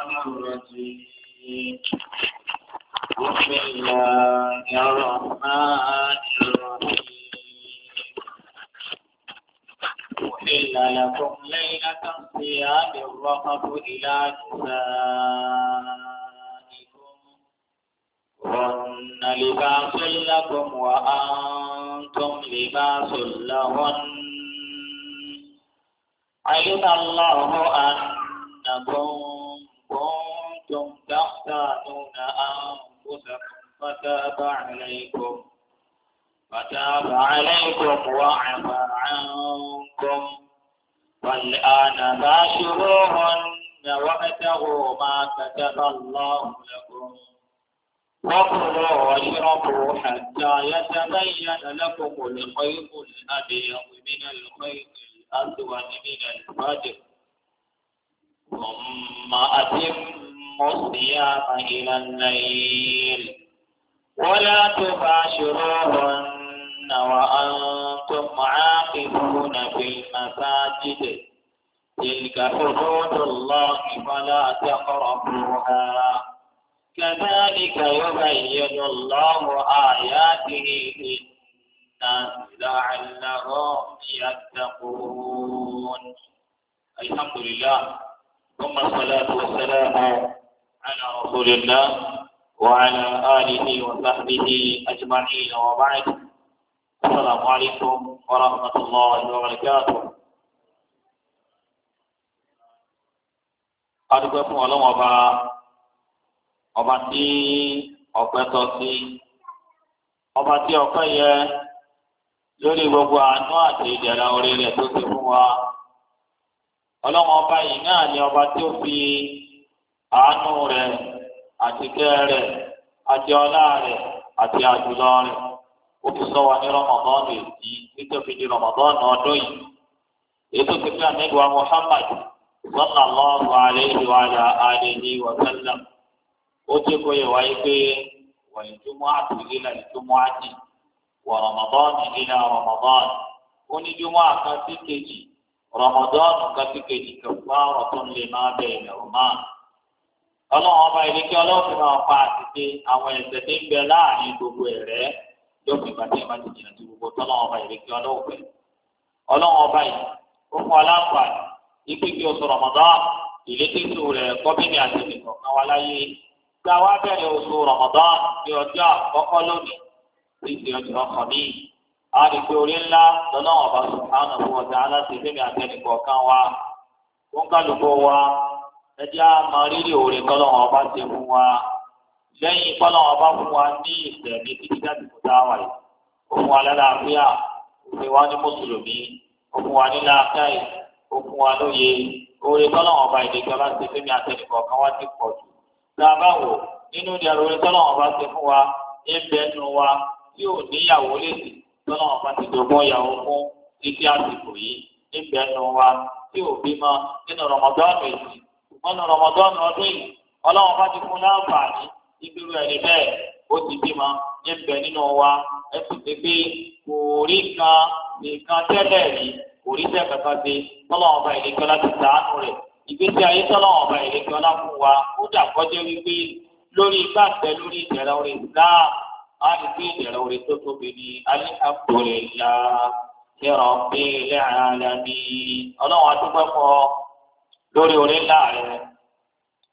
الشيطان الرجيم بسم الله الرحمن الرحيم أحل لكم ليلة الصيام الرفث إلى نسائكم هن لباس لكم وأنتم لباس لهن علم الله أن عليكم وعفى عنكم والآن باشروهن وابتغوا ما كتب الله لكم وكلوا واشربوا حتى يتبين لكم الخيط الأبيض من الخيط الأسود من الفجر ثم أتموا الصيام إلى الليل ولا تباشروهن وأنتم عاقبون في المساجد تلك حدود الله فلا تقربوها كذلك يبين الله آياته للناس لعلهم يتقون الحمد لله ثم الصلاة والسلام على رسول الله وعلى آله وصحبه أجمعين وبعد السلام عليكم ورحمة الله وبركاته adúpẹ́ fún ọlọ́wọ́n ọba ọba tí ọpẹ́ tọ́ sí ọba tí ọpẹ́ yẹ lórí gbogbo àánú àti ìdẹ̀ra orí rẹ̀ tó ti fún wa ọlọ́wọ́n ọba yìí náà ni ọba tí ó fi àánú rẹ̀ àti kẹ́ rẹ̀ àti ọlá rẹ̀ àti ó tún sọ wa ní ji èyí nítorí ní rọmọdọ́nù ọdún yìí ètò ìpínlẹ̀ àmẹ́gbẹ̀wá Muhammad sallallahu alayhi wa alihi wa sallam ó jẹ́ kó yẹ wáyé pé àtúndì wà ó ní kejì kejì lè bẹ̀rẹ̀ ọlọ́run ọba ọlọ́run fi máa pa àtìkè àwọn tí ń bẹ láàrin gbogbo ẹ̀rẹ́ lópin ìgbà tí ẹ bá ti jìnnà tó gbogbo tọ́lọ́wọ́ ọba ìrèké ọlọ́wọ́ pẹ̀lú ọlọ́wọ́ ọba yìí ó fún aláǹfààní ipe kí oṣù Ramadan ìlétésù rẹ̀ kọ́bínì àti ìkọ̀kan wa láyé gba wá bẹ̀rẹ̀ oṣù Ramadan ní ọjọ́ àkọ́kọ́ lónìí tí ìṣe ọjọ́ ọkàn mi a lè pe orí ńlá lọ́lọ́wọ́ ọba sùkánù fún ọjà aláṣẹ fẹ́mi àti ẹnìkọ̀ọ̀kan wa ó ń kálukú wa ẹjẹ́ àmọ́ rírì òòrè tọ́lọ́wọ́ ọba ṣe fún wa lẹ́yìn kọ́nà ọba fún wa ní ìsẹ̀mí títí láti kó dá wa yìí ó fún wa lálàáfíà ó fi wá ní mùsùlùmí ó fún wa ní làákàyè ó fún wa lóye oore kọ́nà ọba ìdèkẹ́ bá ti fẹ́mi àtẹnìkọ̀ kan wá ti pọ̀ jù làbáwò nínú ìdí àròyé kọ́nà ọba ti fún wa ní bẹ́ẹ̀nu wa tí ò níyàwó lèsì kọ́nà ọba ti dọ̀gbọ́ ìyàwó fún títí àsìkò yìí ní bẹ́ẹ̀nu wa tí ò bímọ nínú rọmọdọ́ọ̀nù ọdún yìí ọlọ́run bá ti fún láǹfààní ìgbéró ẹni bẹ́ẹ̀ ó ti bímọ ní bẹ nínú wa ẹ sì ti pé kò rí kan nìkan tẹ́lẹ̀ rí kò rí tẹ́ kankan ṣe tọ́lọ́wọ́n bá ìlẹ́kọ́ láti sàánú rẹ̀ ìgbésí ayé tọ́lọ́wọ́n bá ìlẹ́kọ́ láfún wa ó dà kọjá wípé lórí gbàgbẹ́ lórí ìjẹ̀rẹ̀ orin islam á rí pé ìjẹ̀rẹ̀ orin tó tóbi ní alihamdulilah kẹrọ pé ilé alami ọlọ́run adúgbò fún lórí orin ńlá rẹ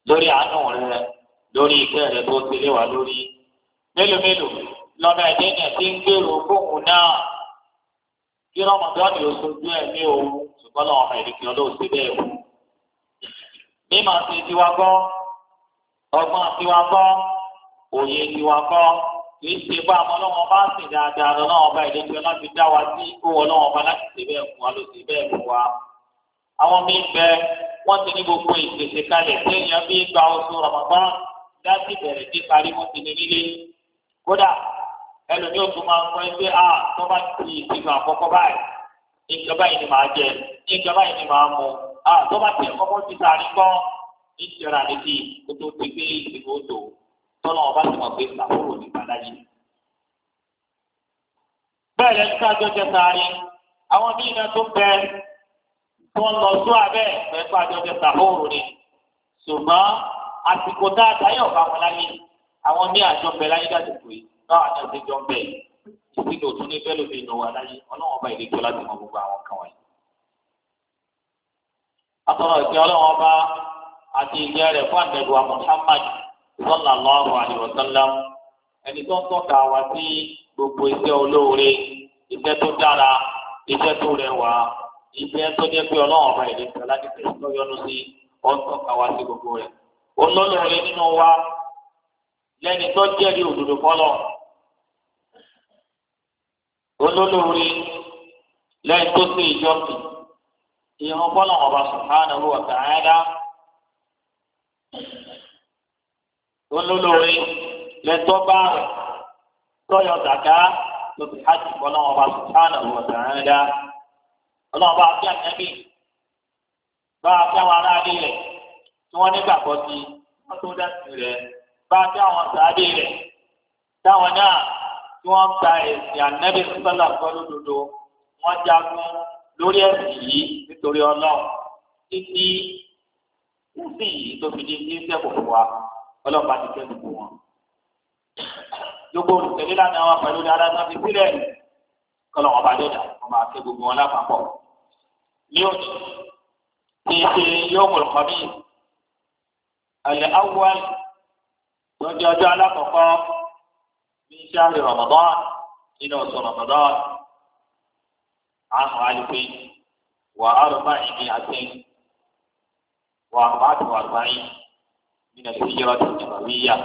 lórí àánú rẹ lórí iṣẹ́ rẹ̀ tó ti lé wa lórí. mélòó mélòó lọ́nà ẹ̀dẹ́ yẹn ti ń gbèrò fóun náà kí rọmọdọ́nì ó sojú ẹ̀ ní òun ṣùgbọ́n lọ́wọ́ ọmọ ìrìkì ọlọ́ọ̀ṣe bẹ́ẹ̀ wò. bí màá ṣe tiwa gbọ́ ọgbọ́n tiwa gbọ́ òye tiwa gbọ́ kì í ṣe bá ọmọ ọlọ́wọ́ bá sì dáadáa lọ́nà ọba ìdẹ́tí ọlọ́fi dá wa sí owó ọlọ́wọ́ bá láti ṣe bẹ́ẹ̀ fún wa ló ṣe bẹ́ẹ̀ fún wa. àwọn míín bẹ wọ́n ti ní gbogbo ìpèsè kalẹ̀ téèyàn bí gba oṣù rọ̀mọ̀gbọ́n láti bẹ̀rẹ̀ dé parí wọn ti ní nílé kódà ẹlòmíì ò tún máa ń pọ́n pé a tó bá ti ìsinmi àkọ́kọ́ báyìí ìjọba yìí ni màá jẹ ìjọba yìí ni màá mu a tó bá ti àkọ́kọ́ ti sàrí kọ́ ìṣẹ̀ra létí kó tó ti gbé ìsinmi ó tó tọ́lọ́ ọba ti mọ̀ pé sàkóso ní padà bẹ́ẹ̀ lẹ́nu sáájọ́ jẹ sáré àwọn míì náà tó bẹ tí lọ sọ abẹ́ pẹ̀lú àjọjẹ sàkóso ni ṣùgbọ́n àsìkò tá a ta yóò bá wọn láyé àwọn ní àjọ bẹ láyé dàdúgbò yìí báwa náà ti jọ ń bẹ yìí ìsìnkú òtún ní bẹ́ẹ̀ ló fi nù wá láyé ọlọ́run ọba ìdíjọ láti mọ gbogbo àwọn kan wọ̀nyí. àtọ̀rọ̀ ìpín ọlọ́run ọba àti ìjẹ́ rẹ̀ fún àdẹ̀gbà Muhammad sallallahu alaihi wasallam ẹni tó ń tọ́ka wá sí gbogbo iṣẹ́ olóore iṣẹ́ tó dára iṣẹ́ tó rẹwà iṣẹ́ tó jẹ́ pé ọlọ́run ọba ìdíjọ láti tẹ̀síwájú olólùwẹ̀ nínú wa lẹ́ni tó jẹ́rìí òdodo fọlọ́ olólùwẹ̀ lẹ́ni tó ṣe ìjọsìn ìran fọlọ́ ọba subhanahu wa ta'ala olólùwẹ̀ lẹ́tọ́ bá rẹ̀ tọ́yọ̀ dàgá lóbi hajj fọlọ́ ọba subhanahu wa ta'ala ọlọ́ọ̀bá abẹ́ àtẹ́bí bá a fẹ́ wọn aráàlú tí wọ́n nígbàgbọ́ sí wọ́n tó dásì rẹ̀ bá kí àwọn sàádé rẹ̀ táwọn náà tí wọ́n gba ẹ̀sìn ànẹ́bí sọ́lá kọ́ lódodo wọ́n jagun lórí ẹ̀sìn yìí nítorí ọlọ́run títí kúsì yìí tó fi di ní sẹ́kù fún wa ọlọ́pàá ti fẹ́ gbogbo wọn. gbogbo olùtẹ̀lé lánàá wọn pẹ̀lú dáadáa tó fi sílẹ̀ kọ́lọ̀ wọn bá dọ̀dà wọn máa fẹ́ gbogbo wọn lápapọ̀. ní òní ti ṣe yóò mọ̀ bíi àlẹ́ awọ́l lọ́jọ́ ọjọ́ alákọ̀ọ́kọ́ ní sáré Ramadan nínú oṣù Ramadan àmọ́ àlùfẹ́ wà àrùbá ìní àti wà àbáàtì wà àgbáyé nínú ìfijọ́ tó ti wà wíyà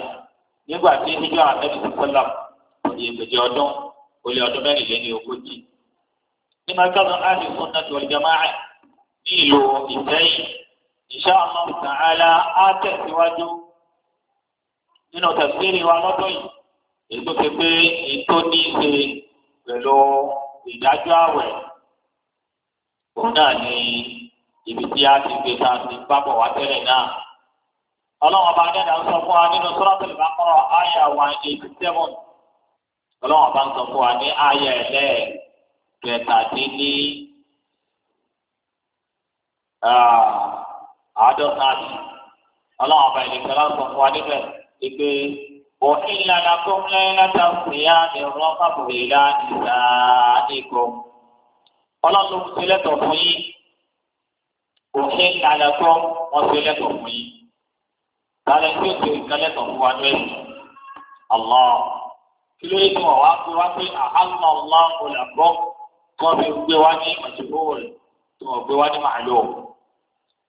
nígbà tí ìfijọ́ àtẹ́bí ti sọ́lá òye gbèjì ọdún olè ọdún mẹ́rin lé ní ogójì. nínú akẹ́kọ̀ọ́ àti sunnah wal jama'ah ní ìlú ìfẹ́yìn. Insha Allah ta'ala á tẹ̀síwájú nínú tafsiri wa lọ́dọ̀ yìí èyí tó fi pé ètò ní í ṣe pẹ̀lú ìdájọ́ àwẹ̀ òun náà ni ibi tí a ti gbé sáà ti bábọ̀ wá tẹ́lẹ̀ náà. ọlọ́run ọba adẹ́dà ń sọ fún wa nínú Suratul Baqara àyà one eighty seven ọlọ́run ọba ń sọ fún wa ní àyà ẹ̀lẹ́ àádọ́ta àti ọlọ́run ọba ìdíkẹ́ lọ́sọ̀ fún wa níbẹ̀ ìgbé òfin ìlànà tó ń lẹ́yìn láta òkúnya ní ọ̀rọ̀ fàbùrì ìlà ìlà ìgò ọlọ́run ló ti lẹ́tọ̀ fún yín òfin ìlànà tó wọ́n ti lẹ́tọ̀ fún yín lálẹ́ tí ó ti nǹkan lẹ́tọ̀ fún wa ní ẹ̀sìn ọlọ́ kí ló yẹ kí wọ́n wá pé wá pé àhálùmọ̀ ọlọ́run kò lè gbọ́ kí wọ́n fi gbé wá ní màjúwò rẹ̀ kí wọ́n gbé wá ní màálù ọ̀hún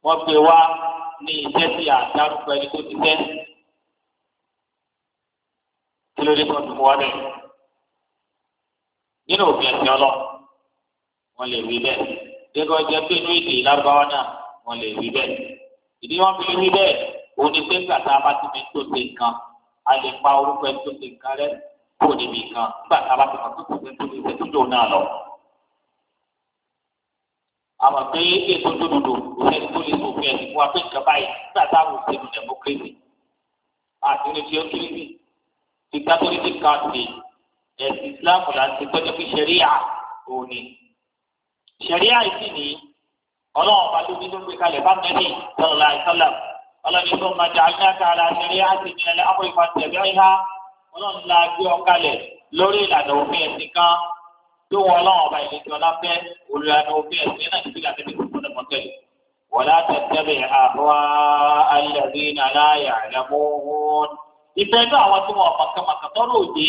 wọ́n pè wá ní iṣẹ́ tí a dárúkọ ẹni tó ti tẹ́ kí ló dé kó tó wọ́n dẹ̀ nínú òfin ẹ̀sìn ọlọ́ wọ́n lè rí bẹ́ẹ̀ gẹ́gẹ́ ọjọ́ pé inú èdè lárúbáwá náà wọ́n lè rí bẹ́ẹ̀ ìdí wọn fi rí bẹ́ẹ̀ òní pé gbàtà bá ti fi tó ṣe nǹkan a lè pa orúkọ ẹni tó ṣe nǹkan rẹ kó níbi nǹkan gbàtà bá ti mọ̀ tó ṣe tó ṣe tó ṣe tó náà lọ àmọ́ pé ètò òdodo òfin tó lè sòfin ẹ̀sìn fún wa pé nǹkan báyìí nígbà táwọn òṣèlú democracy àti oníṣẹ́ òkèlè dictatorship country ẹ̀sìn Islam láti tọ́jú pé ṣẹ̀ríà òní. ṣẹ̀ríà ìsìn ní ọlọ́run bá lóbi ló gbé kalẹ̀ bá mẹ́rin sọ̀rọ̀ àìsọ́lá ọlọ́run tó máa jà ní àkàrà ṣẹ̀ríà ti ní ẹlẹ́ àpò ìfàṣẹ̀bẹ́ ìhá ọlọ́run la gbé ọ kalẹ̀ lórí ìlànà òfin ẹ̀sìn tó wọn ọlọ́wọ́n ọba ìlú ìjọba fẹ́ olùyànà òfin ẹ̀sìn náà níbi láti fi kúkú lọ́mọ tẹ̀lé. wọ́lá tẹ̀tẹ̀bẹ̀ àwa alẹ́bí nàláyà lẹ́mọ́wọ́n. ìfẹ́ inú àwọn tí wọ́n mọ̀kànmọ̀kàn tọ́rọ òde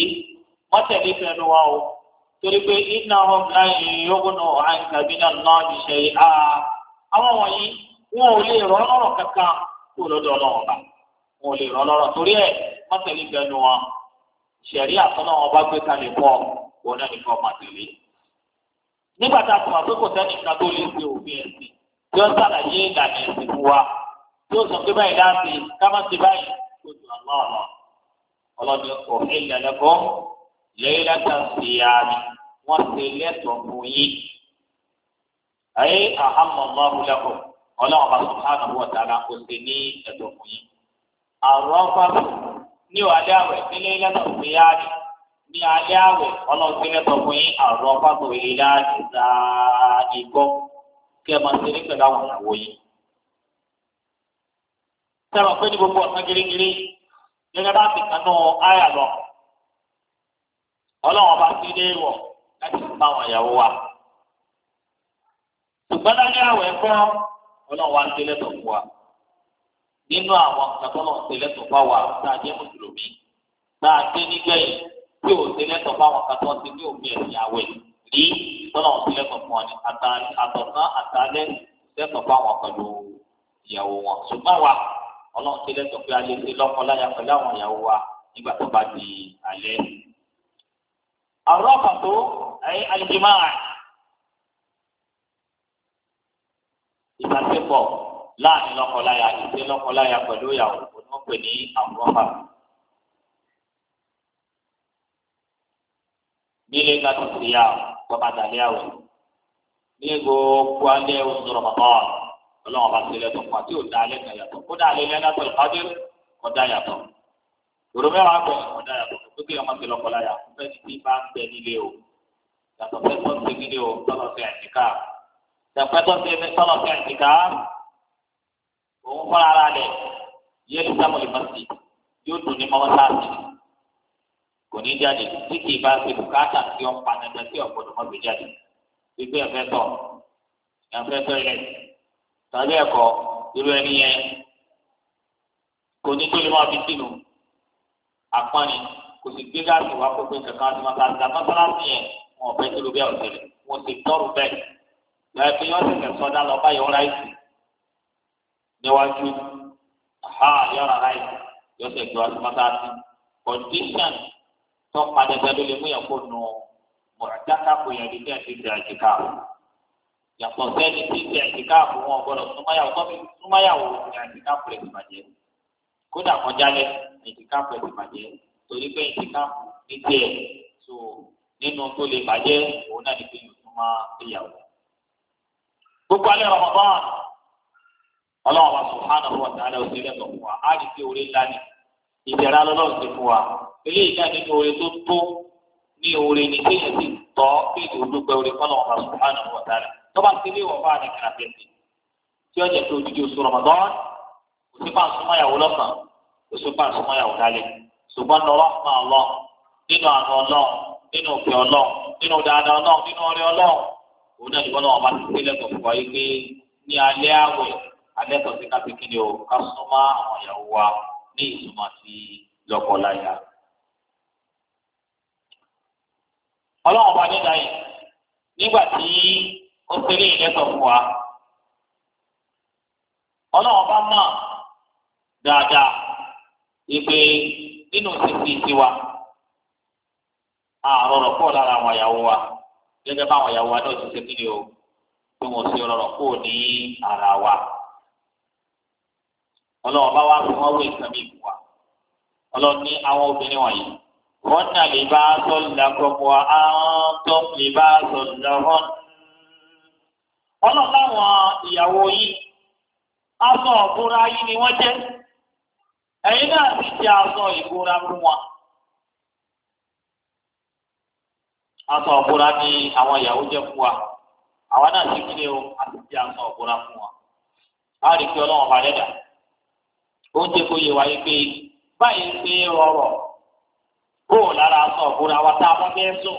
wọ́n tẹ̀lé ìfẹ́ inú o. torí pé iná ọ̀gáyìn yógúnù àìsàbí náà náà lè rọ́ lọ́rọ̀ torí ẹ̀ wọ́n tẹ̀lé ìfẹ́ inú ṣẹ̀rí àtọ́nà wọn gbé kalẹ̀ pọ̀ wọn náà nìkan máa tẹ̀lé. nígbà tá a sọ̀rọ̀ pé kò sẹ́ni kan tó lè ṣe òfin ẹ̀sìn tí ó sàlàyé ìlànà ẹ̀sìn fún wa tí ó sọ pé báyìí láti ká má ti báyìí tó ju àlọ́ ọ̀nà ọlọ́dún ọ̀hìn ìlànà kan lẹ́yìn láti ṣèyà ni wọ́n ṣe lẹ́tọ̀ọ́ fún yín. ayé àhámọ́mọ́ lẹ́kọ̀ọ́ ọlọ́run bá subhanahu wa ta'ala kò sí ní ẹ̀tọ́ fún yín. àrùn ọ̀fà ní ọ̀hálẹ́ àwẹ̀ nílé lẹ́tọ̀ọ́ ní alẹ́ àwẹ̀ ọlọ́gbẹ́lẹ́ sọ yín àrùn ọ̀pákò ìlà ìta ìgbọ́ kí ẹ máa pẹ̀lú àwọn ìyàwó pé ní gbogbo ọ̀sán gẹ́gẹ́ bá ti kanú àyà lọ ọlọ́wọ́n bá ti dé wọ̀ láti fún àwọn ìyàwó wa. ṣùgbọ́n lálẹ́ àwẹ̀ tẹ́lẹ̀ wa nínú àwọn tẹ́lẹ̀ wa tá a jẹ́ mùsùlùmí tí o ṣe lẹ́tọ̀ fáwọn kan tó ń ti ní òbí ẹ̀sìn àwẹ̀ rí tọ́lá wọn ti lẹ́tọ̀ fún wọn ni àtọ̀sán àtàlẹ́ lẹ́tọ̀ fáwọn pẹ̀lú ìyàwó wọn ṣùgbọ́n wa ọlọ́run ti lẹ́tọ̀ pé a lè ṣe lọ́kọ láya pẹ̀lú àwọn ìyàwó wa nígbà tó bá di alẹ́. àwọn ọ̀pàtó ẹ̀yìn alìjìmá ìbáṣepọ̀ láàrin lọ́kọ láya ìṣe lọ́kọ láya pẹ̀lú ìyàwó òun nílé ká tó ti yá o bàbá dàlẹ́ àwẹ̀ ní gbogbo alẹ́ oṣù rọ̀mọ̀tọ́ ọlọ́run bá ti lẹ́tọ̀ fún àti òdà alẹ́ kan yàtọ̀ kódà alẹ́ ilé ẹ̀dá pẹ̀lú kájú ọ̀dà yàtọ̀ òrò mẹ́wàá pẹ̀ ọ̀dà yàtọ̀ pípé ọmọ ti lọ́kọ̀ láyà fẹ́ ti bá ń bẹ nílé o yàtọ̀ fẹ́ tó ń ti nílé o tọ́lọ̀ sí àyíká yàtọ̀ tó ń ti tọ́lọ̀ sí àyíká òun fọ́ra ara rẹ̀ yẹ́lú sámúlì mọ́sí kò ní jáde tí kì í bá ṣe bùkátà tí ó ń pa dandan tí ọ̀gbọ́dọ̀ mọ́ gbé jáde gbígbé ẹ̀fẹ́ tọ̀ ẹ̀fẹ́ tọ̀lẹ̀ tọ́lẹ̀ ẹ̀kọ́ irú ẹni yẹn kò ní tó lè máa fi sínú àpọ́nì kò sì gbé gáàsì wá gbogbo kankan tí wọ́n ká mọ́sálásí yẹn wọn ọ̀bẹ tó ló bẹ́ẹ̀ ọ̀tẹ̀lẹ̀ wọn sì tọ́rù bẹ́ẹ̀ lọ́ọ́ fi yọ́ sẹ̀sẹ̀ sọ́dá lọ bá yọ ráìsì condition tó padà gbàdó lè mú yàgò nù mọ̀ọ́dáká kò yẹ kí ẹ ti tẹ̀ àjìká yàtọ̀ sẹ́ni tí tẹ̀ àjìká fún wọn gbọ́dọ̀ súnmáyàwó tọ́bi súnmáyàwó ní àjìká pẹ̀lẹ́ ti bàjẹ́ kódà kan jálẹ̀ àjìká pẹ̀lẹ́ ti bàjẹ́ torí pé àjìká ní tiẹ̀ so nínú tó lè bàjẹ́ òun náà ní pé yóò ìyàwó. gbogbo alẹ́ Ramadan ọlọ́run wa subhanahu wa ta'ala òsèlè lọ́wọ́ ìdẹ̀ra lọ́lọ́run ti fún wa eléyìí náà nínú oore tó tó ní oore ní kéèyàn sì tọ́ kéèyàn olùgbẹ́ oore fọ́nà ọ̀hún àṣùkánù wọ̀tálẹ̀ tó bá ti lé wọ̀ fún àdìgbà àbẹ̀sẹ̀ tí ọjà tó dídí oṣù rọmọdán kò sí fáà súnmọ́yàwó lọ́sàn kò sí fáà súnmọ́yàwó dálẹ̀ ṣùgbọ́n lọ́rọ́ fún àlọ́ nínú àná ọlọ́run nínú òkè ọlọ́run nínú dáadáa ọlọ́run nínú ọrẹ ọlọ́run òun náà nígbọ́n náà wọ́n bá ti sílẹ̀ kọ̀ fún wa yìí pé ní alẹ́ àwẹ̀ alẹ́ tọ̀sí ti kí ni o ká súnmọ́ àwọn ìyàwó wa ní ìtumọ̀ si lọ́kọláya. ọlọ́run bá nígbà yìí nígbà tí ó ṣeré ìlẹ́sọ̀ fún wa ọlọ́run bá mọ̀ dáadáa ìpè nínú sísè tiwa àrọ̀rọ̀ pọ̀ lára àwọn àyàwó wa gẹ́gẹ́ bá àwọn àyàwó wa náà ti ni ara wa. ọlọ́run bá wá fún wọn wé nǹkan bíi ìwà ọlọ́run ní àwọn obìnrin wọ̀nyí wọ́n nà lè bá aṣọ ìlàkọ̀kọ̀ àwọn tó lè bá aṣọ ìlàkọ̀ ọlọ́run láwọn ìyàwó yìí aṣọ ìbora yìí ni wọ́n jẹ́ ẹ̀yin náà sì ti aṣọ ìbora fún wọn. aṣọ ìbora ni àwọn ìyàwó jẹ́ fún wa àwa náà sì kílẹ̀ o a sì ti aṣọ ìbora fún wọn. a rí pé ọlọ́run bá dẹ́dà ó ń jẹ́ kó yẹ wáyé pé báyìí ń pé rọrọ̀ kó o lára sọ òbúra wa tá a mọ́ bẹ́ẹ̀ sùn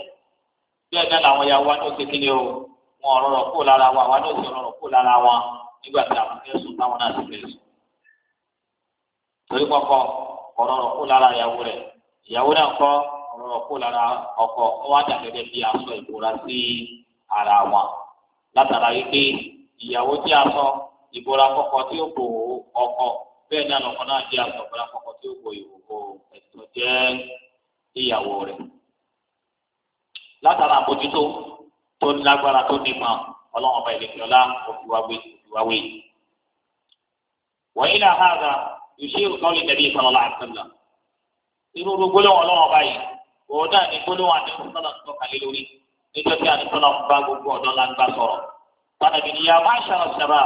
bí ẹ̀dá làwọn ìyàwó wa ní oṣù kìíní o wọn rọrọ̀ kó o lára wa wa ní oṣù rọrọ̀ kó o lára wọn nígbà tí àwọn bẹ́ẹ̀ sùn táwọn náà sì bẹ́ẹ̀ sùn. torí kọ́kọ́ ọ̀rọ̀rọ̀ kó lára ìyàwó rẹ̀ ìyàwó náà kọ́ ọ̀rọ̀rọ̀ kó lára ọkọ wọn dà gẹ́gẹ́ bí aṣọ ìbora sí ara wọn látara yìí pé ìyàwó tí a sọ ìbora bẹ́ẹ̀ náà lọ́kọ náà jẹ́ àgbàgbà àkọ́kọ́ tí ó bo ìwòwò ẹ̀tọ́ jẹ́ ìyàwó rẹ̀. látara àbójútó tó lágbára tó nímọ̀ ọlọ́run ọba ìlẹ̀kẹ̀ọ́lá òfìwáwé. wọ́n ilà hàdà yusuf kọ́lì nàbí ìfọ̀lọ́lá àtúnlá. irú gbólóhùn ọlọ́run ọba yìí wọ́n náà ní gbólóhùn àdéhùn sọ́nà tó kàlẹ́ lórí nítorí àdéhùn náà bá gbogbo ọ̀dọ́ lágbá sọ̀rọ̀. tàbí ni yàrá máa ṣàrọ̀ ṣàrà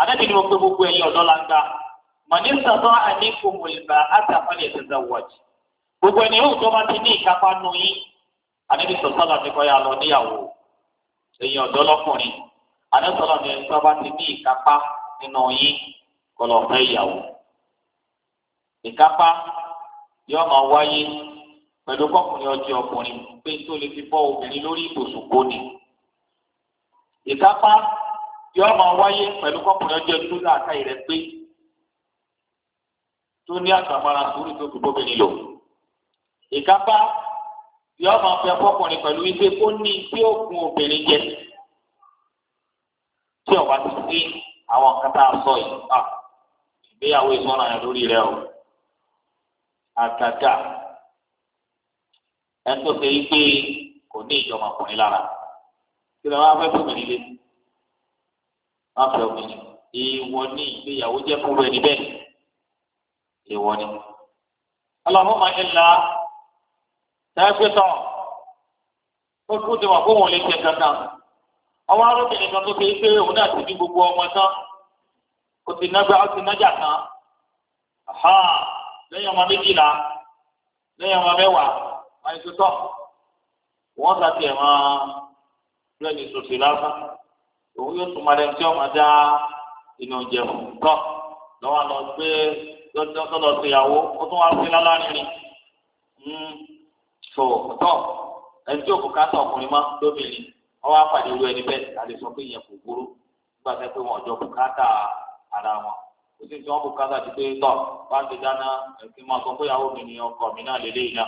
àdébìnrin wọn pé gbogbo ẹ̀yìn mọ̀ní sọ̀tọ́ àníkùn mùlùmá àtàkọ́lẹ̀ ìtẹ̀sẹ̀wọ̀jì gbogbo ẹni yóò tó bá ti ní ìkápá nu yín àníbi sọ̀tọ́lá ti kọ́ ya lọ níyàwó èèyàn ọ̀dọ́ lọ́kùnrin àníṣọ́lá ni ẹni tó bá ti ní ìkápá nínú yín kọ́ lọ fẹ́ ìyàwó ìkápá yóò máa wáyé pẹ̀lú kọ́kùnrin ọjọ́ ọkùnrin pé tó lè fi bọ́ obìnrin lórí ibùsùn kó ni ìkápá yóò máa wáyé pẹ̀lú kọ́kùnrin ọjọ́ ìdúró àtàyè rẹ̀ tó ní àtàmọ́ra sùúrù tó dùbò bẹ́ẹ̀ nílò. ìkápá yóò máa fẹ́ fọkùnrin pẹ̀lú wípé ó ní tí ó kun obìnrin jẹ tí ọba ti sí àwọn kan tá a sọ yìí à ìgbéyàwó ìsọ̀rọ̀ yẹn lórí rẹ o àgàgà ẹ tó ṣe wípé kò ní ìjọba ọkùnrin lára kí ló wá fẹ́ fún mi má fẹ́ omi ìwọ ní ìgbéyàwó jẹ́ fún rẹ níbẹ̀ èèwọ̀ ni. Allahumma illa tẹ́gbẹ́tọ̀ ó kú ti wà kó wọn lè tẹ̀ dandan. Àwọn arábìnrin kan tó fi pé òun náà ti ní gbogbo ọmọ tán. Ó ti nágbà ó ti nájà tán. Lẹ́yìn ọmọ méjìlá lẹ́yìn ọmọ mẹ́wàá máa ń tó tọ̀. Wọ́n ta tiẹ̀ máa lẹ́yìn sòsì lásán. Òun yóò tún máa tí ọmọ dá inú jẹun tọ̀ lọ́wọ́ lọ gbé lọ́jọ́ tó lọ síyàwó ó tún wá sí lálárìnrìn hmm. so tọ́ ẹni tí òkùnkà tó ọkùnrin mọ́ lóbìnrin wọ́n wá pàdé irú ẹni bẹ́ẹ̀ a lè sọ pé ìyẹn kò burú nígbà tẹ́ pé wọ́n jọ bùkátà ara wọn kò sí tí wọ́n bùkátà ti pé tọ́ bá ti dáná ẹ̀sìn máa sọ pé ìyàwó mi ni ọkọ mi náà lélẹ́yìn náà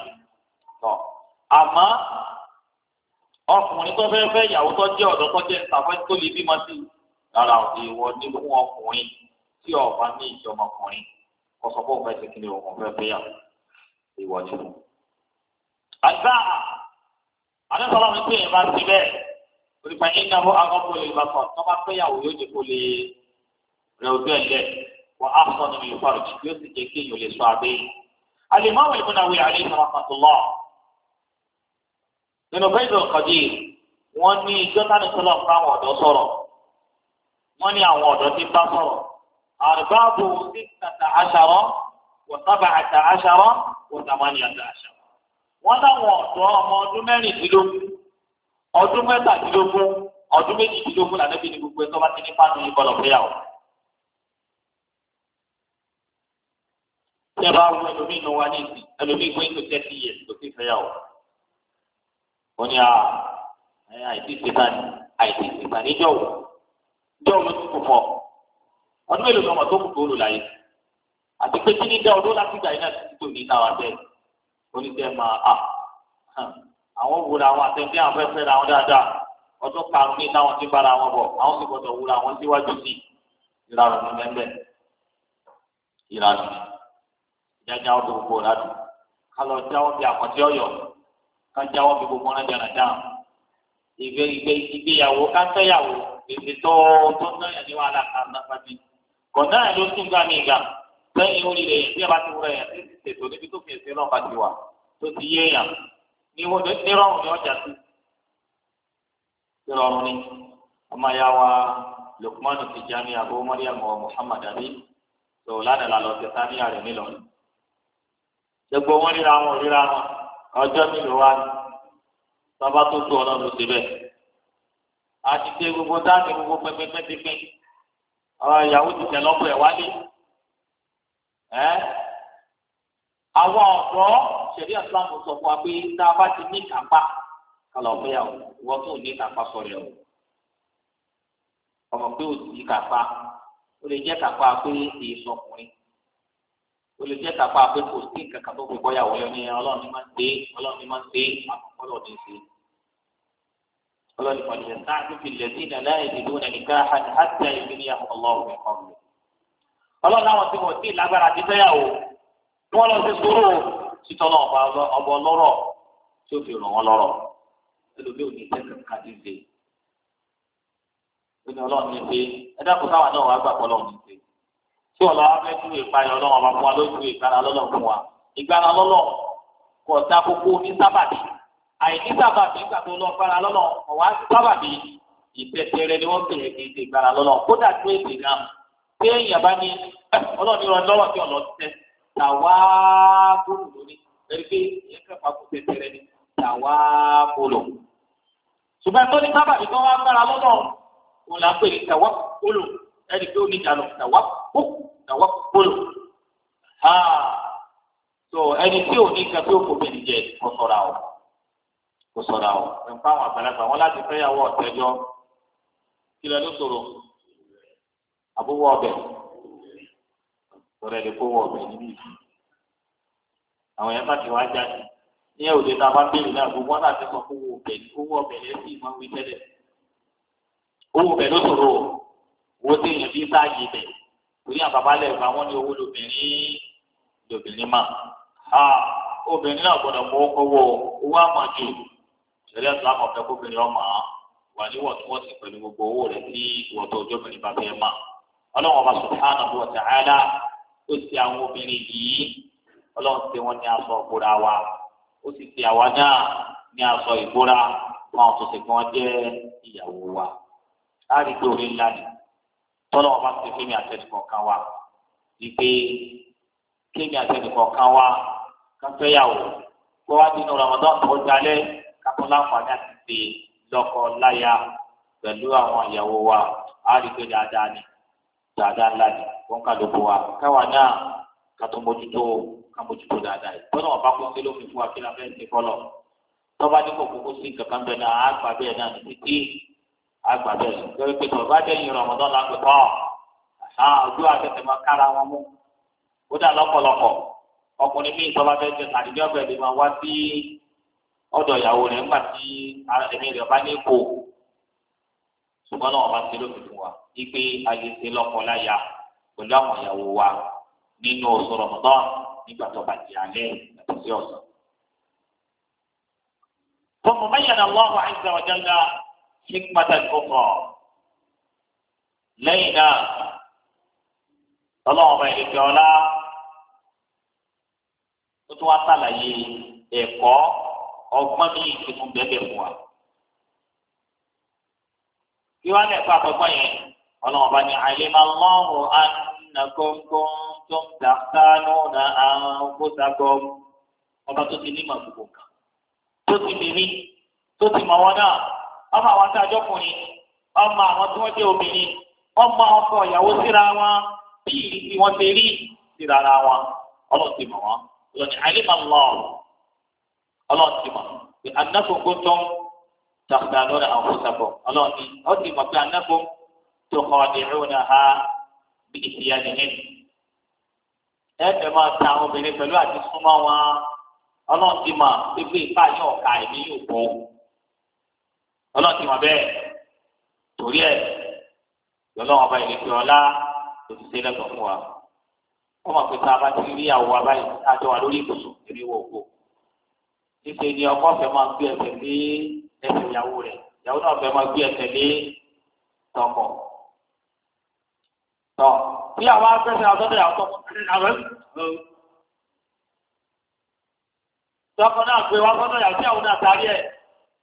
tọ́ àmọ́ ọkùnrin tó fẹ́ fẹ́ ìyàwó tó jẹ́ ọ̀dọ́ tó jẹ́ ìtàfẹ́ tó lè bímọ sí i lára ìwọ nínú ọkùnrin tí ọba kọsọ kó fẹ́ ṣe kí ni òun fẹ́ fẹ́ yà ìwọ ni. àgbà àdéhùn ọlọ́run pé ẹ bá ti bẹ́ẹ̀ onípa ìnáwó agọ́bọ̀ lè bá kọ̀ tó bá fẹ́ yàwó yóò jẹ́ kó lè rẹ ojú ẹ̀ lẹ̀ wọ́n á sọ nínú ìfọ̀ rẹ̀ yóò sì jẹ́ kéèyàn lè sọ abẹ́ yìí. alimami ibùn awi alayhi rahmatullah nínú bẹ́ẹ̀dọ̀ kọ́dí wọ́n ní ìjọ́tánìsọ́lọ́ أربابه ستة عشر وسبعة عشر وثمانية عشر ونوى طعام ọdún mẹ́rìndínlógún ọdún mẹ́tàdínlógún ọdún méjìdínlógún lànàbí ni gbogbo ẹ̀tọ́ bá ti ní pàánù ní bọlọ fẹyàwó. tẹ bá wọ ẹlòmíì nù wá ní ìsìn ẹlòmíì wọ ètò tẹsí yẹ tó fi fẹyàwó. ó ní àìsí ìsìnkà ní àìsí ìsìnkà ní jọ̀wọ́ jọ̀wọ́ ló ti kò fọ ọdún mélòó kan mọ̀ tó kù tó lò láyé àti pé kí ni dá ọdún láti gbà iná títí tó ní táwa bẹ́ẹ̀ oníṣẹ́ máa ah, à àwọn wúra àwọn àtẹ̀bí àwọn fẹ́ fẹ́ra wọn dáadáa ọdún karùn-ún ní táwọn ti bára wọn bọ̀ àwọn sì gbọdọ̀ wúra àwọn síwájú sí ìlànà ní mẹ́mẹ́ ìlànà ìjájá ọdún gbogbo ládùn kálọ̀ jáwọ́ bí àkọ́tí ọ̀yọ́ kájáwọ́ bí gbogbo ọ̀rẹ́ jẹ̀rẹ̀ dáhùn ìgbéyàwó káfẹ́yàwó gbèsè tó tó náà ní wàhálà kan náà bá kọ̀dá ẹ̀ ló tún gbà mí gbà lẹ́yìn orí rẹ̀ yẹn tí a bá ti wúra yẹn tí ti tètò níbi tó fi ẹ̀sìn náà bá ti wà tó ti yé yàn ní wọ́n ní rọrùn ní ọjà sí. rọrùn ni ọmọ ya wa Lukman Tijani Abu Mariam wa Muhammad Ali tó lánàá la lọ sí sáníyà rẹ̀ nílọrin. gbogbo wọn ríra wọn ríra wọn ọjọ́ mélòó wa ni sábà tó tó ọ̀nà ló ti bẹ̀. àti pé gbogbo dáàbò gbogbo pẹpẹpẹ ti pín àwọn ìyàwó ti tẹ̀ lọ́kọ̀ ẹ̀ wálé ẹ́ àwọn ọ̀dọ́ ṣẹ̀rí àtúnwàmù sọ fún wa pé tá a bá ti ní kápá kálọ̀ ọ̀gbẹ́ yàwó wọ́n tó ní kápá sọ̀rọ̀ yàwó ọmọ pé ó ti kápá ó lè jẹ́ kápá pé kì í lè jẹ́ kápá pé kò sí nǹkan kan tó fi bọ́yàwó yọ ní ọlọ́run ní máa ń ṣe ọlọ́run ní máa ń ṣe àkọ́kọ́ lọ́ọ̀dún ṣe ọlọ́ni kan lè ta àti filẹ̀ sí ìdáná ìdìbò náà nìkan àti ìbílẹ̀ yà ọlọ́run nìkan mi. ọlọ́run àwọn tí wọ́n ti lágbára ti fẹ́yàwó ni wọ́n lọ sí sóró títọ́ náà ọba ọlọ́rọ̀ tí ó fi ràn wọ́n lọ́rọ̀ ẹlòmíì ò ní tẹ́sán kájí ṣe. ó ní ọlọ́run ní pé ẹ dákun táwa náà wàá gbàgbọ́ ọlọ́run ní pé tí ọ̀la wá fẹ́ àìní sábàbí ìgbà tó lọ gbára lọ́nà ọ̀wá sábàbí ìtẹ̀tẹ̀rẹ̀ ni wọ́n bẹ̀rẹ̀ kì í ti gbára lọ́nà kódà tó èdè náà pé èèyàn bá ní eh, ọlọ́ọ̀ni rọ lọ́wọ́ kí ọ̀nà tẹ tàwáàbòlò lórí ẹni pé ìyẹn kẹfà kò tẹ̀tẹ̀rẹ̀ ni tàwáàbòlò. ṣùgbọ́n tó ní sábàbí tó wá gbára lọ́nà òun là ń pè ní tàwáàbòlò ẹni pé ó ní ìdàlọ́ tàwáàbòlò so ẹni tí ò ní nǹkan tí ó kò bẹ̀rẹ̀ jẹ ọ̀sọ̀ra ọ̀ kò sọ̀rọ̀ àwọn nípa àwọn àgbàlagbà wọn láti fẹ́ yàwó ọ̀tẹ́jọ́ kí lẹ́nu sọ̀rọ̀ àbúwọ̀ ọbẹ̀ sọ̀rọ̀ ẹ̀ lè kó wọ ọbẹ̀ níbí àwọn yẹn bá ti wá jáde ní ẹ̀ òde tá a bá béèrè náà gbogbo wọn láti sọ kó wọ ọbẹ̀ ní kó wọ ọbẹ̀ lẹ́sí ìmọ̀ wí tẹ́lẹ̀ owó ọbẹ̀ ló sọ̀rọ̀ owó tí èèyàn fi ń sáàyè bẹ̀ torí àbábálẹ̀ ìgbà wọn ní owó lóbìnrin lóbìnrin ṣẹlẹ̀ islam ọfẹ kóbìnrin ọmọ wà níwọ̀ntúnwọ̀nsì pẹ̀lú gbogbo owó rẹ̀ tí ìwọ̀ntún ọjọ́ obìnrin bá fẹ́ mọ̀ ọlọ́run ọba subhanahu wa ta'ala ó ti àwọn obìnrin yìí ọlọ́run ti wọn ní aṣọ ìbora wa ó sì ti àwa náà ní aṣọ ìbora wọn tó ti kàn jẹ́ ìyàwó wa láàrin pé orí ńlá ni tọ́lọ́ ọba ti fi mi àtẹnukọ̀ kan wa wípé kémi àtẹnukọ̀ kan wa káfẹ́yàwó kó wá nínú Ramadan tó jalẹ́ kápọ́ láǹfààní àti pé lọ́kọ láya pẹ̀lú àwọn ìyàwó wa á rí pé dáadáa ni dáadáa ńlá ni wọ́n ká lóko wa káwa náà ká tó mójútó ká mójútó dáadáa yìí bọ́dọ̀ wọn bá kó sí lómi fún wa kí láfẹ́ ti fọ́lọ̀ tọ́ba ní kò kókó sí kankan bẹ́ẹ̀ náà á gbà bẹ́ẹ̀ náà títí á gbà bẹ́ẹ̀ lórí pé tọ́ba dẹ́yìn rọ̀mọ́dọ́ náà pé tọ́ ojú àtẹ̀tẹ̀ máa kára wọn mú ó lọ́pọ̀lọpọ̀ ọkùnrin míì tọ́ba fẹ́ jẹ ọ̀dọ̀ ìyàwó rẹ̀ ńgbà tí ẹ̀mí rẹ̀ bá ní kó ṣùgbọ́n náà wọ́n bá ti lófin fún wa wípé a lè ṣe lọ́kọláya pẹ̀lú àwọn ìyàwó wa nínú oṣù rọ̀mọ́tọ́ nígbà tó bá di alẹ́ àti sí ọ̀sán. ثم بين الله عز وجل حكمة أخرى lẹ́yìn náà ọlọ́run ọba ìlẹ̀kẹ́ ọlá tó tún wá sàlàyé ẹ̀kọ́ ọgbọ́n mi yìí ti mú bẹ́ẹ̀ fún wa. kí wọ́n lè fa àkọ́kọ́ yẹn ọlọ́run bá ní alimallahu annakum kuntum takhtanuna anfusakum ọba tó ti ní ìmọ̀ gbogbo kan tó ti mímí tó ti mọ̀ wọn náà ọmọ àwọn tí a jọkùnrin ọmọ àwọn tí wọ́n jẹ́ obìnrin ọmọ ọkọ ìyàwó síra wọn bí ìrísí wọn ti rí síra ara wọn ọlọ́run ti mọ̀ wọn lọ́ni alimallahu ọlọ́run ti mọ̀ pé anáfóńgó tó ń tàkùdà lórí àwọn fúnṣàpọ̀ ọlọ́run ni ó ti mọ̀ pé anáfó tó kọ́ ọ̀dẹ̀rún náà ha bí ìsìyà nìyẹn. ẹ fẹ́ máa ta àwọn obìnrin pẹ̀lú àti súnmọ́ wọn ọlọ́run ti mọ̀ pé pé ìfà yóò ka ẹ̀mí yóò bọ̀ ọlọ́run ti mọ̀ bẹ́ẹ̀ torí ẹ̀ lọ́lọ́run ọba ìlú ìjọba òṣìṣẹ́ lẹ́tọ̀ọ́ fún wa wọ́n mọ̀ pé rí àwọ̀ abáyé tá wà lórí ibùsùn èmi wọ̀ níṣẹ ni ọkọ fẹ́ máa gbé ẹsẹ̀ lé ẹsẹ̀ ìyàwó rẹ̀ ìyàwó náà fẹ́ máa gbé ẹsẹ̀ lé tọkọ tọ tí àwọn afẹsẹ àtọdọ àwọn tọkọ àwọn tọkọ náà gbé wọn fọdọ yàtọ̀ tí àwọn náà sáré ẹ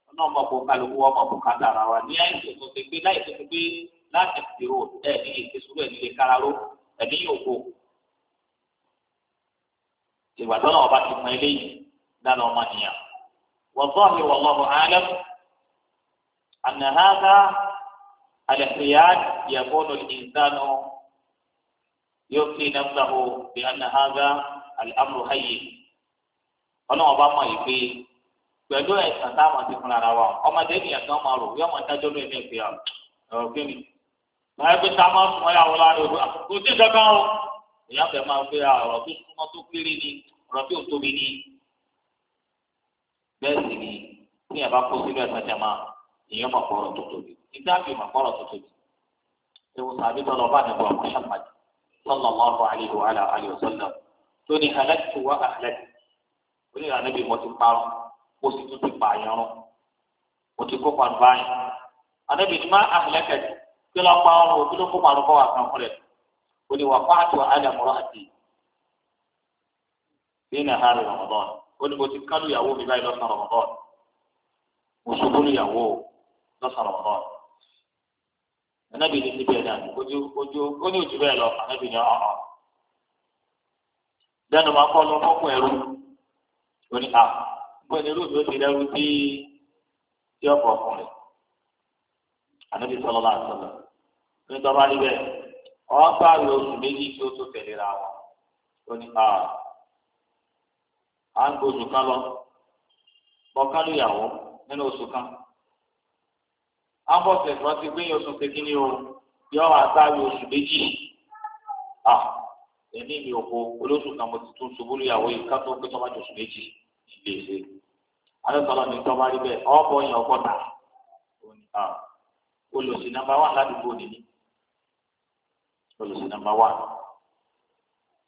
ọ̀nà ọmọ kò kálukú ọmọ kò ká dára wa ní àìsàn tó ti gbé láìsàn tó gbé láti fi ẹ ní èké sùúrù ẹ lè kára ró ẹ ní yòókù ìgbà tó náà ọba ti mọ eléyìí dára ọmọnìyàn wàlláhi wàlláhu alam àná hàdá àlẹ́fẹ̀yàn yàgbọ́nù ìdánù yóò fi nàfṣàhù bí àná hàdá àlẹ́amru hayè ọlọ́wọ́n bá mọ̀ yìí pé pẹ̀lú ẹ̀sán táwọn ti fúnra ra wa ọmọdé ènìyàn kan máa rò yọ ọmọ ìdájọ́ lóye ní ìpè ọ̀rọ̀ kí ni báyìí pé tá máa sùn ọ̀yà wọlé àrò kò sí kankan o èèyàn fẹ́ máa gbé ọ̀rọ̀ tó súnmọ́ tó kéré ni ọ̀rọ̀ tó tóbi ni bẹ́ẹ̀ sì ni bí ẹ bá kó sílẹ̀ sàjàmà èèyàn mọ̀ kọ́rọ̀ tó tóbi nígbà tí mọ̀ kọ́rọ̀ tó tóbi ewu sàbí tọ́lọ̀ bá nàbọ̀ Muhammad sallallahu alayhi wa ala alihi wa sallam tó ní halaktu wa ahlaktu oníyàrá níbi mo ti parun mo sì tún ti pààyàn rún mo ti kópa nù báyìí anábì ní má ahlaktu kí ló pa ọrùn òbí ló kópa nù kọ́ wà kan fúnlẹ̀ o ní wà pàtó àdàmúrọ̀ àti bí nàhárì Ramadan ó ní mo ti kánú ìyàwó mi báyìí lọ́sàn-án rọ̀mọ́dọ́n mo ṣubú níyàwó lọ́sàn-án rọ̀mọ́dọ́n ẹnẹ́bí ni ti bẹ́ẹ̀ dàbí ojú ojú ó ní òjú bẹ́ẹ̀ lọ ẹnẹ́bí ni ọ̀hún dẹ́nu máa kọ́ lọ fọ́kùn ẹrú ó ní à bóyá ẹrú mi ó ti rẹ́rú tí tí ọ̀pọ̀ ọkùnrin ànábi sọlọ láti sọlọ nítorí bá níbẹ̀ ọ̀ bá rí oṣù méjì tí ó tó tẹ̀lé ra wọn ó à ń gbé oṣù kan lọ bọ́kálù ìyàwó nínú oṣù kan ambọ̀sẹ̀ tí wọ́n ti gbé oṣù kékeré o yọ àgbáyé oṣù méjì à ẹni mi ò kó olóṣù kan mo ti tún ṣubú lóyàwó yìí ká tó pé tó bá jọ oṣù méjì ìlé ṣe alẹ́sọ̀rọ̀ mi tọ́ bá rí bẹ́ẹ̀ ọ̀pọ̀ yẹn ọgọ́ta olùsìn nàmbà wà ládùúgbò nìyí olùsìn nàmbà wà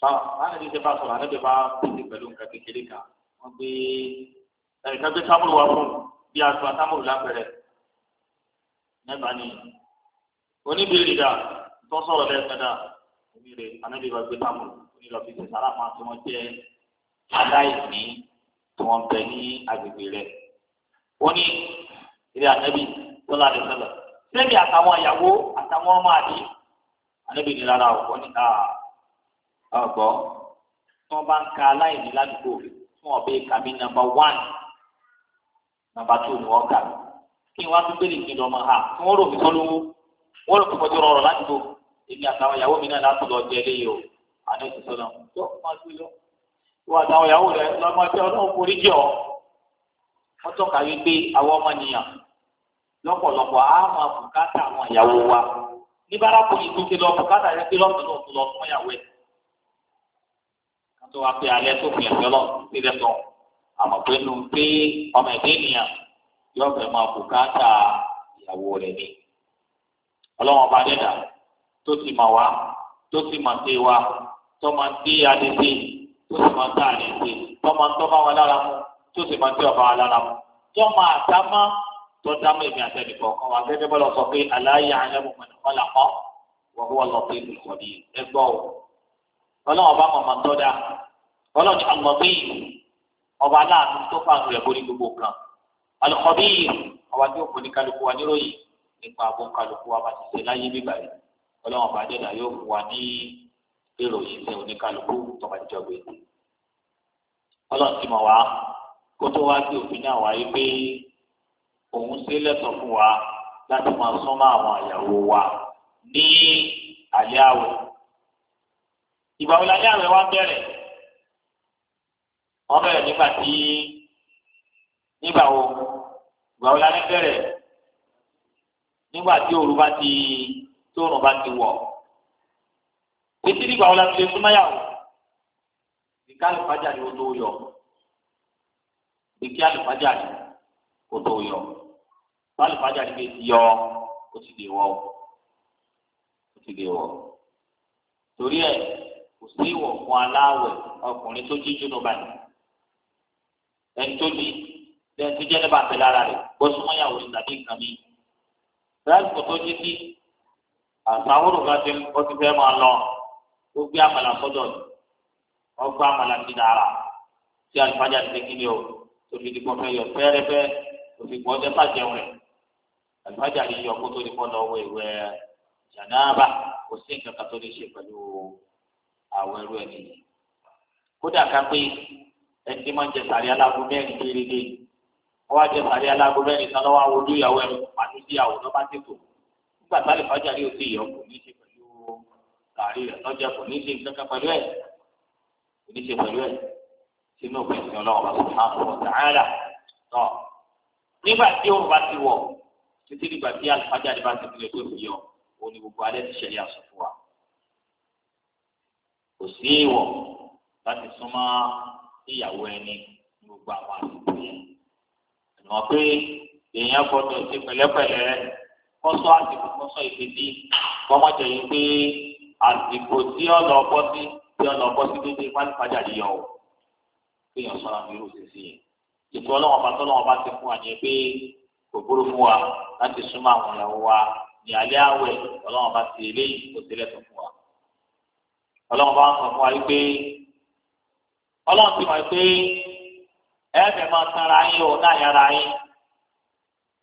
báwọn báwọn ẹni ṣe bá sọ̀rọ̀ àná bẹ́ẹ̀ bá pèsè pẹ̀lú nǹkan kékeré kan wọ́n gbé ẹnìkan gbé sámúrù wá fún ni oníbìrì dà tó sọ̀rọ̀ lẹ́ẹ̀kan dà oníire ànábì bá gbé sámúrù oníire ọ̀fíìsì sára máa tí wọ́n jẹ́ aláìní tí wọ́n bẹ ní agbègbè rẹ̀ ó ní ilé ànábì tó láti sọ̀rọ̀ sẹ́mi àtàwọn ìyàwó àtàwọn ọmọ àdìyẹ ànábì ní rárá ò ọgbọ tí wọn bá ń ka aláìní ládùúgbò fún ọbẹ kàmí nàmbà wán nàmbà tó ní wọn kà kí wọn tún gbélé ìpinnu ọmọ ha tí wọn rò mí sọlọwọ wọn rò pípọjọ rọrọ ládùúgbò èmi àtàwọn ìyàwó mi náà látò lọ jẹ eléyìí o àná ti sọ náà tó máa gbé lọ wọn àtàwọn ìyàwó rẹ lọmọdé Ọlọ́run forí jọ wọn tọ́ka wípé àwọn ọmọnìyàn lọ́pọ̀lọpọ̀ á máa bùkátà àwọn ìyàwó wa ní bárakùnrin tó ti lọ bùkátà yẹn ti lọ tó lọ fún ìyàwó tó wá pé alẹ́ tó fi ẹ̀fẹ́ lọ sí lẹ́tọ̀ àmọ̀ pé nu pé ọmọ ẹ̀dẹ́ ènìyàn yóò fẹ́ máa bùkátà ìyàwó rẹ̀ ni ọlọ́wọ́n bá dẹ́dà tó ti mà wá tó ti mà dé wa tó máa ń dé adé dé tó sì máa ń dá adé dé tó máa ń tọ́ wa lára mu tó sì máa ń tẹ́ ọba wa lára mu tó máa dá má tó dá má èmi àtẹnìkọ̀ kan wá gẹ́gẹ́ bọ́lá sọ pé aláyà ayé mo ọlọ́wọ́n bá mọ̀mọ́ tó dáa ọlọ́jọ́ àgbọ̀gbé ọba aláàánú tó fàánù rẹ̀ borí gbogbo kan alùpàbí ọba tí ó fún ní kálukú wa níròyìn nípa àbọ̀ kálukú wa bá ti ṣe láyé bíbá yìí ọlọ́wọ́n bá dẹ́dà yóò fún wa ní ìròyìn fẹ́ oníkálukú tó bá jọ gbé ọlọ́run ti mọ̀ wá kó tó wá sí òfin náà wáyé pé òun ṣe lẹ́tọ̀ọ́ fún wa láti máa sọ́mọ́ àwọn àyàwó wa ní alẹ́ ìgbà wo la ní àwẹ̀ wa bẹ̀rẹ̀ wọ́n bẹ̀rẹ̀ nígbà tí nígbà wo ìgbà wo la ní bẹ̀rẹ̀ nígbà tí òru bá ti tóorùn bá ti wọ̀ etí nígbà wo la ti lè súnmáyàwó ìka àlùfájà ni ó tó yọ ìka àlùfájà ni ó tó yọ àlùfájà ni bí ti yọ ó ti dè wọ ó ti dè wọ torí ẹ̀ kò sí ìwọ̀ fún aláwẹ̀ ọkùnrin tó jíjú ló báyìí ẹni tó ní ẹni tó jẹ́ ní bàtẹ́ lára rẹ̀ bó súnmọ́ ìyàwó rẹ̀ tàbí nǹkan mi. lásìkò tó jí sí àtàwọn òkà tí ó ti fẹ́ máa lọ ó gbé àmàlà sọ́dọ̀ ọgbà àmàlà ti dára tí àlùfáàjà ti kí ni o tó fi dìbò fẹ́ yọ fẹ́rẹ́fẹ́ tó fi gbọ́ dẹ́fà jẹun rẹ̀ àlùfáàjà yìí yọ kó tó ní kọ́ lọ́wọ́ ìwẹ̀ jànáàbà àwọn ẹrú ẹ̀ nìyí. kódà ká pé ẹni tí máa ń jẹ sàrí aláàbò mẹ́rin déédéé wọ́n wá jẹ sàrí aláàbò mẹ́rin tán lọ́wọ́ àwọn ojú ìyàwó ẹ̀rọ pàtó sí àwọn ọ̀dọ́ bá tètò nígbà tá lè fájà rí òsì ìyọ̀ kò ní ṣe pẹ̀lú sàrí rẹ̀ lọ́jà kò ní ṣe nǹkan pẹ̀lú ẹ̀ kò ní ṣe pẹ̀lú ẹ̀ sínú òpin ìsìn ọlọ́run bá sọ fún àwọn ọ̀sán ààrà nígbà tí òun bá ti wọ̀ títí nígbà tí alifájà rẹ̀ bá ti fi lè tó ìyọ̀ òun ni gbogbo alẹ́ ti ṣẹlẹ̀ àṣọ fún wa kò sí ìwọ̀ láti súnmọ́ ìyàwó ẹni gbogbo àwọn àsìkò yẹn àmọ́ pé èèyàn gbọ́dọ̀ ṣe pẹ̀lẹ́pẹ̀lẹ́ kọsọ àsìkò kọsọ ìfèsì kọmọjẹ yìí pé àsìkò tí ọ̀nà ọkọ sí tí ọ̀nà ọkọ sí dédé pálípàjà yíyọ o kéèyàn sọ àwọn irú òṣèṣì yẹn ètò ọlọ́wọ́n bá tọ́lọ́wọ́n bá ti fún wa yẹn pé kò burú fún wa láti súnmọ́ àwọn ìyàwó wa ní alẹ́ àwẹ̀ ọlọ́wọ́n bá ti eléyìí kò tẹ́lẹ̀ tó fún ọlọ́run bá ń sọ fún wa yìí pé ọlọ́run ti mọ̀ pé ẹ̀ẹ́dẹ̀ máa tanra yín o náà yára yín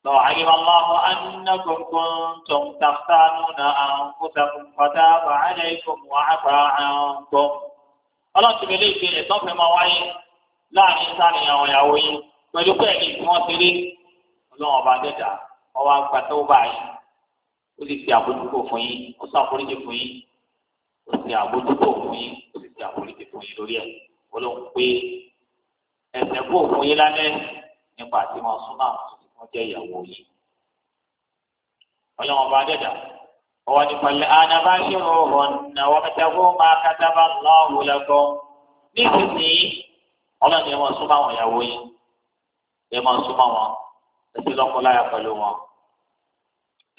lọ àyíká máa anna gbọ̀ngàn tó ń tàftánú na àǹkóṣàkùn pátá bàálẹ̀ ìfọ̀mù àgbà àǹkọ́. ọlọ́run ti mẹ́lẹ́ ìpè ẹ̀tọ́ fẹ́ máa wáyé láàrin sáré àwọn ìyàwó yín pẹ̀lú pé ẹ̀mí tí wọ́n ti rí ọlọ́run ọba dẹ́dà ọwọ́ àgbà tó báyìí ó sì fi àbójútó fún yín ó sàkóríjì fún yín kò sí àbójútó fún yín kò sì sí àforíjì fún yín lórí ẹ̀ wọ́n ló ń pé ẹ̀sẹ̀ kó fún yín lálẹ́ nípa àti wọn súnmọ́ àwọn tó ti fún jẹ́ ìyàwó yìí. ọlọ́wọ́n bá dẹ̀dà ọwọ́ ní pẹ̀lẹ́ anaba ṣòro ọ̀nà wọ́n mẹ́tẹ́kọ́ máa kátábà lọ́wọ́ lẹ́kọ́ nísinsìnyí ọlọ́ni ẹ̀ máa súnmọ́ àwọn ìyàwó yìí ẹ̀ máa súnmọ́ wọn ẹ̀ sì lọ́kọ́ wọn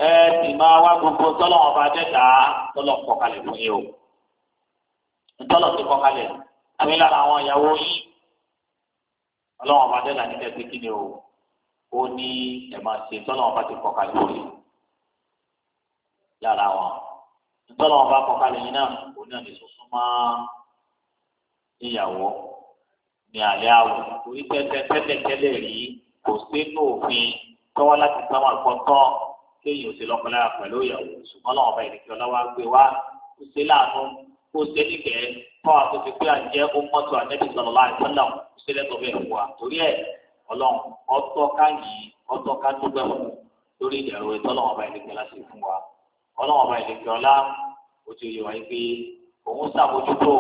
ẹ sì máa wá gbogbo tọ́lọ́wọ́n bá dẹ́ta tọ́lọ́ fún yín o tọ́lọ̀ ti kọ́ kalẹ̀ àmì lára àwọn ìyàwó yìí ọlọ́wọ́n ọba dẹ́là nílẹ̀ pé kí ni o ó ní ẹ̀ máa ṣe tọ́lọ̀ ọba ti kọ́ kalẹ̀ lórí lára wọn tọ́lọ̀ ọba kọ́ kalẹ̀ yìí náà kò ní àdé sọ́sọ́ máa ìyàwó ní alẹ́ àwọ̀ orí tẹ́tẹ́tẹ́lẹ̀ rí kò sínú òfin tọ́wọ́ láti sáwọn àkọ́tọ́ kéèyàn ò sí lọ́kọ́lára pẹ̀lú ìyàwó ṣùgbọ́n lọ́wọ́ ọba ìrìnkì ọlọ́wọ́ á gbé wá ó ṣe láàánú kó ṣe nígbẹ́ kọ́ àtúntò pé à ń jẹ́ ó mọ́tò ànẹ́bí sọ̀rọ̀ láì sọ́lá òṣèlè tó bẹ̀rẹ̀ wà torí ẹ̀ ọlọ́run ọtọ́ ká ọtọ́ ká dúpẹ́ lórí ìdẹ̀rù ètò ọba ìlẹ̀kẹ́ ọlá fún wa ọlọ́run ọba ìlẹ̀kẹ́ ọlá ó ti yẹ wáyé pé òun ṣàbójútó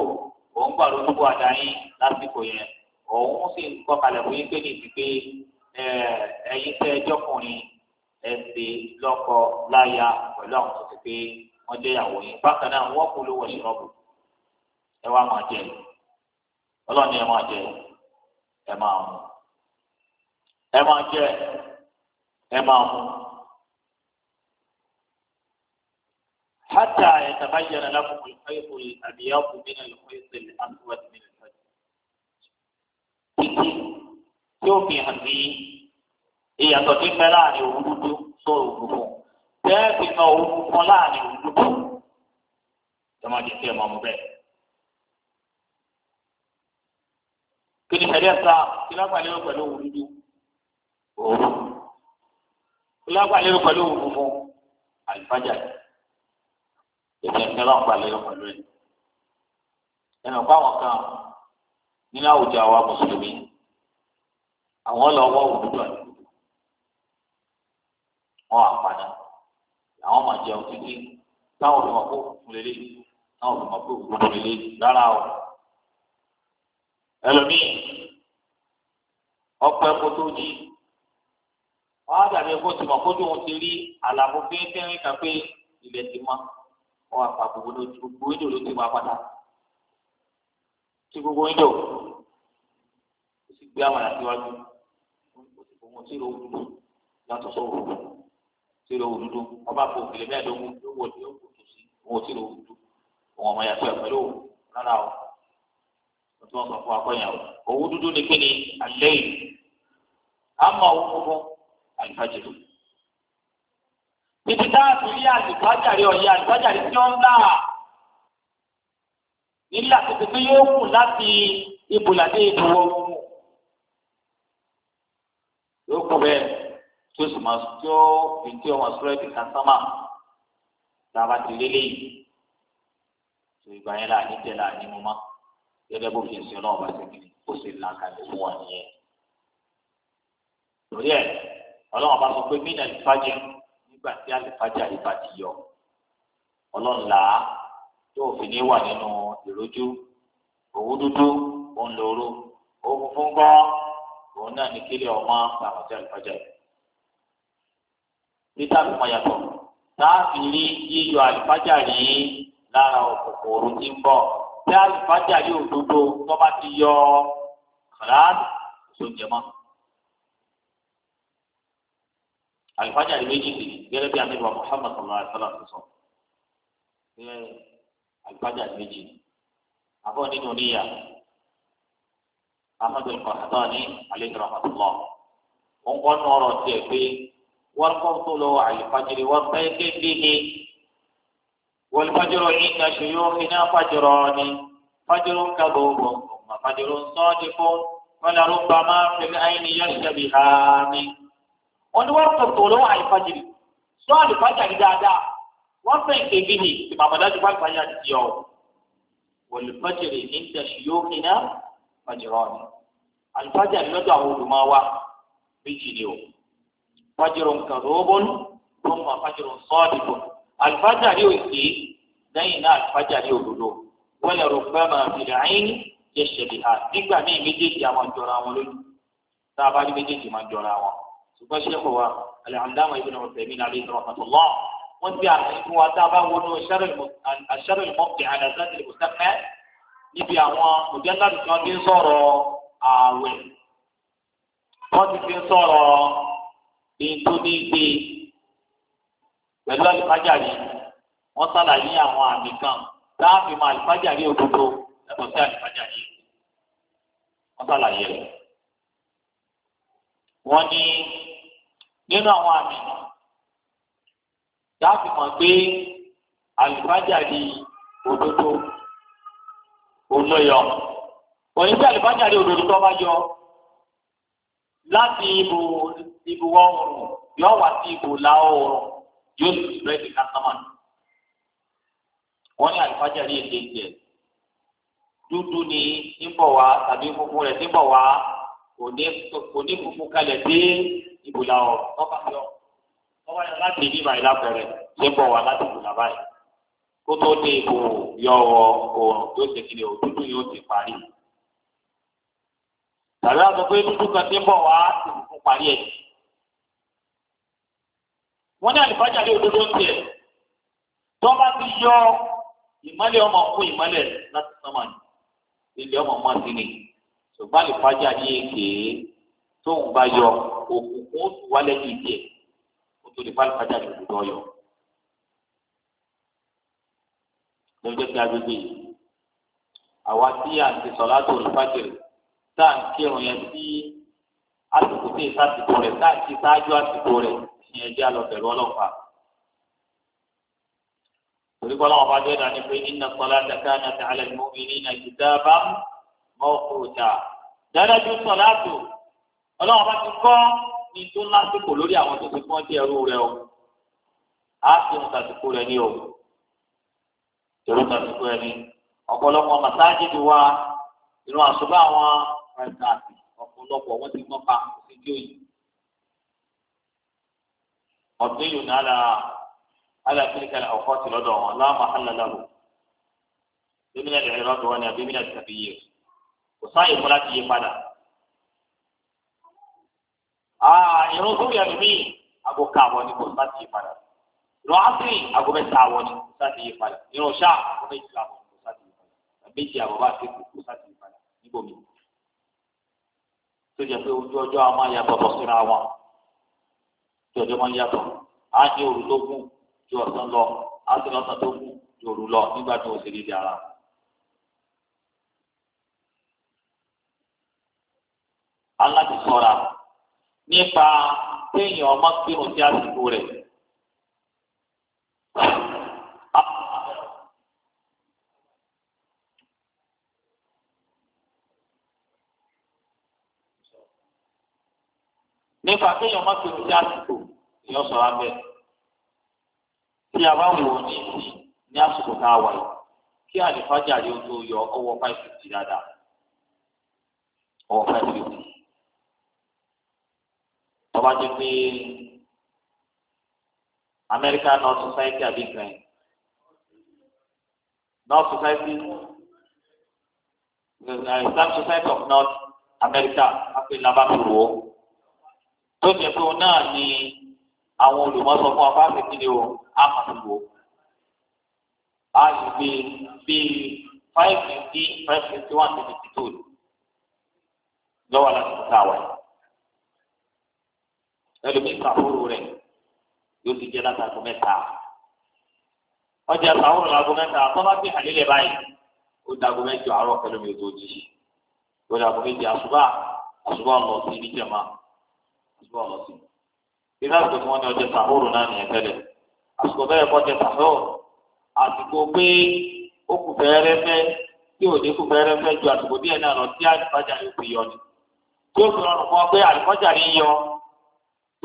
òun gbà lójúbọ àdáyín lásìkò yẹn òun sì ń kọ́ fún yín pé ní ìdígbé ẹ̀yin tẹ́ ẹjọ́kùnrin ẹ̀sìn lọ́kọ láya pẹ̀lú àwọn tó ti pé wọ́n jẹ́ ìyàwó yín bákan náà wọ́n kú ló wọ̀ ṣọ́ọ̀bù ẹ wá máa jẹ ọlọ́ni ẹ máa jẹ ẹ máa mú ẹ máa jẹ ẹ máa mú. حتى يتبين لكم الخيط الأبيض من الخيط الأسود من الفجر. yóò fi hàn sí ìyàtọ̀ tí ń bẹ láàrin òun dúdú tó òun funfun bẹ́ẹ̀ fi mọ òun funfun láàrin òun dúdú. ẹ máa jẹ sí ẹ máa mú kí ni sẹ́díẹ̀ sá kí lágbàlérò pẹ̀lú òwú dúdú òru kí lágbàlérò pẹ̀lú òwú funfun àlùfájà ìfẹ́ ní lágbàlérò pẹ̀lú ẹ̀ ẹnì ọ̀pá àwọn kan nínú àwùjọ àwa mùsùlùmí àwọn ọlọ́wọ́ òwú dúdú àti dúdú wọn àpàdà àwọn máa jẹun títí táwọn olùmọ̀kó fún táwọn olùmọ̀kó fún rárá o ẹlòmíì ọpẹ́ kó tó di wọn á dàbí kó tìmọ kó tó wọn ti rí àlàfo kéékèèké kan pé ilẹ̀ ti mọ́ wọn àpá gbogbo gbogbo ìdò ló ti mọ́ apáta tí gbogbo ìdò ó sì gbé àwọn àtiwájú òun tí ìrò òdodo yàtọ̀ sọ̀rọ̀ tí ìrò òdodo ọba kò kìlẹ̀ mẹ́ẹ̀ẹ́dógún ló wọ̀ ní òkùnkùn sí òun tí ìrò òdodo òun ọmọ yàtọ̀ ẹ̀ pẹ̀lú òun rárá o tí wọ́n sọ fún akọ́yàwó owó dúdú ni pé ní alẹ́ yìí àmọ́ owó funfun àlùfáàjìrò. níbi táàbù ilé àlùfáàjàre ọ̀yẹ́ àlùfáàjàre tí wọ́n ń là nílà tètè pé yóò kù láti ibùlàdé ìdúró yóò kù bẹ́ẹ̀ tí ó sì máa tí ó fi tí ọmọ sọ́rọ́ ẹ̀dì kan sánmà tá a bá ti lélẹ́yìn tó ìgbà yẹn là ní jẹ́ là ní mo máa gẹ́gẹ́ bó fi ṣe náà bá ṣe kiri kó ṣe là kalẹ̀ fún wa nìyẹn. lórí ẹ̀ ọlọ́run bá sọ pé mí nà ìfàjẹ́ nígbà tí àlìfàjà yìí bá ti yọ ọlọ́run là á yóò fi ní wà nínú ìrójú òwú dúdú òun lòró òun fún gbọ́ òun náà ní kílẹ̀ ọmọ àwọn tí àlìfàjà yìí. títà fi mọ yàtọ̀ táà fi yíyọ àlìfàjà yìí lára òkòkò òru tí ń bọ̀ tí alifájà yóò gbogbo tó bá ti yọ kàláàdì tó jẹ mọ́. alifájà yìí méjì gẹ́gẹ́ bí anábì wa Muhammad sallallahu alaihi wasallam sọ pé alifájà yìí méjì àbọ̀ nínú níyà ahmadu al-qahtani alayhi rahmatullah wọn kọ́ nù ọ̀rọ̀ tiẹ̀ pé wọ́n kọ́ tó lọ alifájà wọ́n bẹ́ẹ̀ kékeré. والفجر إن شيوخنا فجران فجر كبوب وفجر صادق ولربما في العين يشتبهان ونوقت طلوع الفجر صاد الفجر دادا وفين كبه كما بدأت فالفجر اليوم والفجر عند شيوخنا فجران الفجر يدعو دماوة بجنيه فجر كذوب ثم فجر صادق àlùfáàjà rí òsì lẹ́yìn náà àlùfáàjà rí òdodo wọ́n lè rògbà máa fìlà ayín yẹ ṣẹlẹ̀ ha nígbà míì méjèèjì àwọn jọra wọn lójú tá a bá rí méjèèjì máa jọra wọn ṣùgbọ́n ṣe kò wá alhamdulilayi ibi náà fẹ̀mí náà lè sọ̀rọ̀ pàtó lọ́ wọ́n ti àtúntò wa tá a bá wọnú aṣáró ìmọ̀kì àdàzáde ìmọ̀sẹ́fẹ́ níbi àwọn òjẹ́ńdà tuntun ti ń sọ̀rọ̀ ààwẹ̀ wọ́n ti fi ń sọ̀rọ̀ èyí tó ní gbé pẹ̀lú àlùfájàrí wọ́n ṣàlàyé àwọn àmì kan láàfin mọ àlùfájàrí òdodo yàtọ̀ sí àlùfájàrí wọ́n ṣàlàyé rẹ̀. wọ́n ní nínú àwọn àmì láàfin mọ̀ pé àlùfájàrí òdodo olóyọ òyìn tí àlùfájàrí òdodo tó bá yọ láti ibù ibù ọrùn yọ wá sí ibù là oòrùn yóò sì spread the customer. wọ́n ní àlùfáàjà ní èdè ìjẹ́ dúdú ni níbọ̀ wá tàbí funfun rẹ̀ níbọ̀ wá kò ní funfun kalẹ̀ dé ìbùlà ọ̀ tọ́ka yọ tọ́ka yọ láti ní ìbàyí lápẹ̀rẹ̀ níbọ̀ wá láti ìbùlà báyìí kó tó dé ipò yọ ọ òòrùn tó ṣe kiri òdúdú yóò ti parí tàbí àtọ́ pé dúdú kan ti bọ̀ wá ti funfun parí ẹ̀ wọ́n ní àlùfáàjà lé òdodo ń tiẹ̀ tó bá ti yọ ìmọ́lẹ̀ ọmọ fún ìmọ́lẹ̀ láti sánmà ní ilé ọmọ mọ́ sí ni ṣùgbọ́n àlùfáàjà ní èké tóun bá yọ òkùnkùn ó tù wálẹ̀ ní ìdí ẹ̀ ó tó lè bá àlùfáàjà lé òdodo ọyọ. lọ́jọ́ tí a gbégbé yìí àwa tí à ń ti sọ̀rọ̀ àti olùfàjẹ̀rẹ̀ tá à ń kírun yẹn sí àsìkò tí ìsàsìkò rẹ̀ tá à ń ti ṣáájú àsìkò rẹ̀ ní ẹjẹ́ àlọ́bẹ̀rù ọlọ́pàá. Orúkọ náà bá dé dání pé iná sọlá dàkà náà ti alẹ́ mú mi ní Nàìjíríà bá mọ́ òòjà. Dáadájú sọlá tó ọlọ́wọ́n bá ti kọ́ ní tó lásìkò lórí àwọn tó ti pọ́n dé ẹrú rẹ o. Á ti ń tàsìkò rẹ ní o. Ìrú tàsìkò rẹ ní. Ọ̀pọ̀lọpọ̀ màsáàjì ti wá ìrún àṣùbọ̀ àwọn ọ̀pọ̀lọpọ̀ wọ́n ti mọ́pa sí kí òyìn mọ̀tíyù ní ala ala kíríkàlì àwòkọ́sì lọ́dọ̀ wọn láàmú àhàlàlàbò bímínà ìrìn lọ́dọ̀ wọn ni àbí bímínà ìtàbí yẹ kò sáyè fún láti yí padà. ìrún tó yẹ mí àgọ́ ká àwọn ni kò sáti yí padà ìrún ásírì àgọ́ mẹ́ta àwọn ni kò sáti yí padà ìrún ṣáà àgọ́ méjì àwọn ni kò sáti yí padà àbẹ́jì àbọ̀bá àti kò sáti yí padà níbòmí. tó jẹ pé ojú ọjọ́ àwọn máa yà bọ̀bọ̀ síra wọn tí ọjọ́ máa ń yàtọ̀ á ní òru tó kù tí ọ̀sán lọ á sì lọ́sàn tó kù tí òru lọ nígbà tí òsè lè di ara. aláti sọ̀ra nípa téèyàn ọmọ kírun sí àsìkò rẹ̀. nípa kéèyàn má kéwòn sí àsìkò yọ sọ abẹ tí a bá wò ó ní ní àsìkò tá a wà yìí kí àlìfájà rí o tó yọ ọwọ́ five fifty dáadáa ọwọ́ five fifty ọba jẹ pé American North Society àbí grand North Society the eh, Islam Society of North America àpè làbàtúrò tó jẹ pé òun náà ní àwọn olùmọ̀sọ fún wa fáwọn ìdílé o á máa ń wò á lè gbé bíi five fifty five fifty one to fifty two lọ́wọ́ láti kúta wà yìí ẹlòmíì kàfóró rẹ̀ yóò ti jẹ́ láti aago mẹ́ta ọjà sàwọn ọ̀làgọ́ mẹ́ta tọ́lá gbé àlélẹ̀ báyìí ó dàgọ́ mẹ́jọ àárọ̀ pẹ̀lú mi ò tó jí ó dàgọ́ méjì àṣùbà àṣùbà ọ̀nà ọ̀sìn àṣùbà ọ̀nà ìlú àgbẹ̀ tí wọ́n ní ọjọ́ sàhóòrò náà nìyẹn tẹ́lẹ̀ àsìkò bẹ́ẹ̀ kọ́ jẹ sàhóòrò àsìkò pé ó kù fẹ́ẹ́rẹ́fẹ́ tí ò ní kù fẹ́ẹ́rẹ́fẹ́ ju àsìkò díẹ̀ náà lọ tí àlùfájà yóò fi yọ ni tí ó fi rọrùn fún ọ pé àlùfájà rí yọ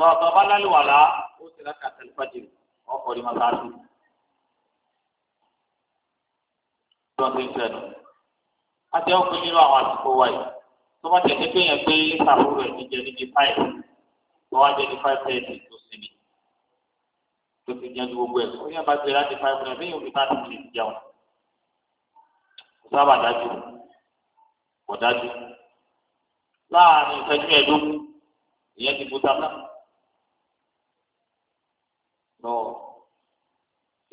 lọ́ọ̀tọ̀ bá lálùwàlá ó ti rákà tẹlifájì ọkọ̀ rí máa sáájú. lọ́ọ̀tọ̀ ń fẹ́ nu a jẹ́ òkú nínú àwọn àsìkò wa tó bá tẹ̀lé pé yẹn pé sàhóòrò ẹ̀ wọ́n wá jẹ́ ní five thirty tó sinmi tó ti jẹ́ ní gbogbo ẹ̀ ó yẹ bá ti láti five thirty bí yóò fi láti lè jẹun kò sábà dájú kò dájú láàrin ìfẹ́jú ẹ̀dógún ìyẹn ti bó sábà lọ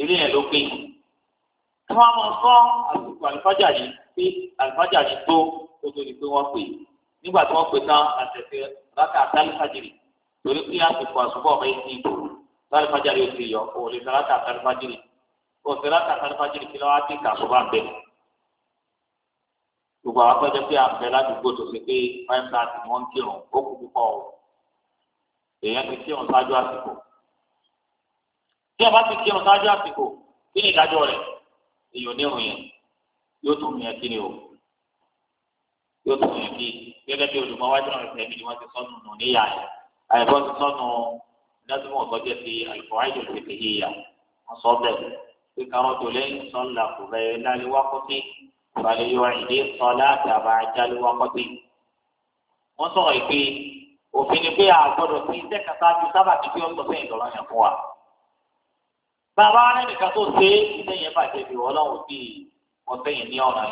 ilé yẹn ló pé kí wọ́n máa sọ àsìkò àlùfájà yìí pé àlùfájà yìí tó tó tó di pé wọ́n pè nígbà tí wọ́n pè tán àtẹ̀tẹ̀ rákà àtàlùfájìrì torí pé àsìkò àsùbọ̀ ọ̀rẹ́ ti dùn sáré fájàre ó ti yọ òòlì sàrátà sáré fájìrì òòlì sàrátà sáré fájìrì kí lọ́wọ́ á ti kàṣùbà ń bẹ̀. gbogbo àwọn akọ́jọ́ pé àbẹ̀ ládùúgbò tó ṣe pé five thirty wọ́n ń kírun ó kú púpọ̀ o èèyàn ti kírun ṣáájú àsìkò. tí ẹ bá ti kírun ṣáájú àsìkò kí ni ìdájọ́ rẹ̀ èèyàn ní ìròyìn yóò tún yẹn kí ni o yóò tún yẹn kí gẹ́gẹ́ bí olùmọ̀wájú àwọn ìfẹ́ mi ni wọ́n ti sọ́nù nù níyà yẹn àyẹ̀bọ́ ti sọ́nu lásìmọ̀ ọ̀gọ́jẹ́ ti àlùkòrájò ti fi yíya wọ́n sọ bẹ́ẹ̀ pé káwọn tó lẹ́yìn sọ́nla kò bẹ̀rẹ̀ láléwá kọ́tí balẹ̀ yọ ìdí sọ́lá àtàbà àjálùwá kọ́tí. wọ́n sọ̀rọ̀ ìpè òfin ni pé àgbọ̀dọ̀ sí iṣẹ́ kàtà ju sábà kí ó sọ fẹ́yìn lọ́rọ̀ yẹn fún wa. bàbá arẹ́nìkan tó ṣe iṣẹ́ yẹn bàjẹ́ bí ọlọ́run bí ọ̀sẹ̀ yẹn ní ọ̀nà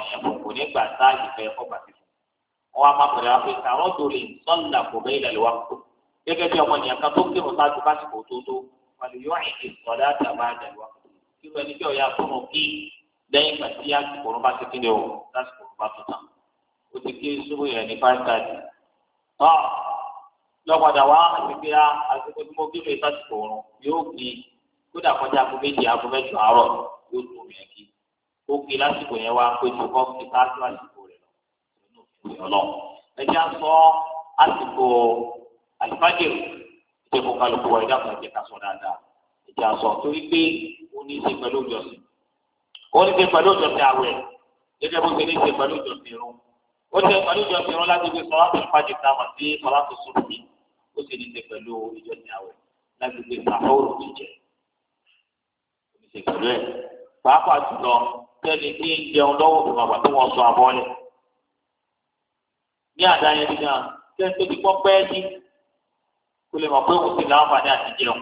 gẹ́gẹ́ bí ọmọ nìyàn kan tó kírun sáájú básìkò tó tó wàlú yóò rìn kí sọ̀dá àtàwọn àdàlùwà irú ẹni bí ọ̀yà fún un kí lẹ́yìn ìgbà tí àsìkò ọ̀run bá ti kíni o lásìkò ọ̀run bá tó tán ó ti kí sóbò yẹn ní five thirty tọ́ lọ́padà wá àgbègbè àsìkò tí mo kí lè sásìkò ọ̀run yóò kí kódà kọjá aago méje aago mẹ́jọ àárọ̀ yóò tó yẹn alifájìrì ìdè kó kálukú wa ìdá kan ìjẹ́ ká sọ dáadáa ìjẹ́ àsọ torí pé ó ní í ṣe pẹ̀lú ìjọsìn ó ní í ṣe pẹ̀lú ìjọsìn àwẹ̀ gẹ́gẹ́ bó ṣe ní í ṣe pẹ̀lú ìjọsìn irun ó ṣe pẹ̀lú ìjọsìn irun láti fi sọ́wọ́n alifájìrì táwọn sí sọ́wọ́n sọ́ọ̀tì ó ṣe ní í ṣe pẹ̀lú ìjọsìn àwẹ̀ láti fi sàfọ́ọ̀rọ̀ jíjẹ ṣe pẹ̀lú ẹ̀ pàápàá jùlọ tẹ́lẹ̀ ní jẹun lọ́wọ́ ìgbàgbà tí wọ́n sọ àbọ̀lẹ̀ ní àdáyé nígbà tẹ́lẹ̀ tó ti pọ́ pẹ́ẹ́ kó lè mọ̀ pé òun ti láǹfààní àti jẹun.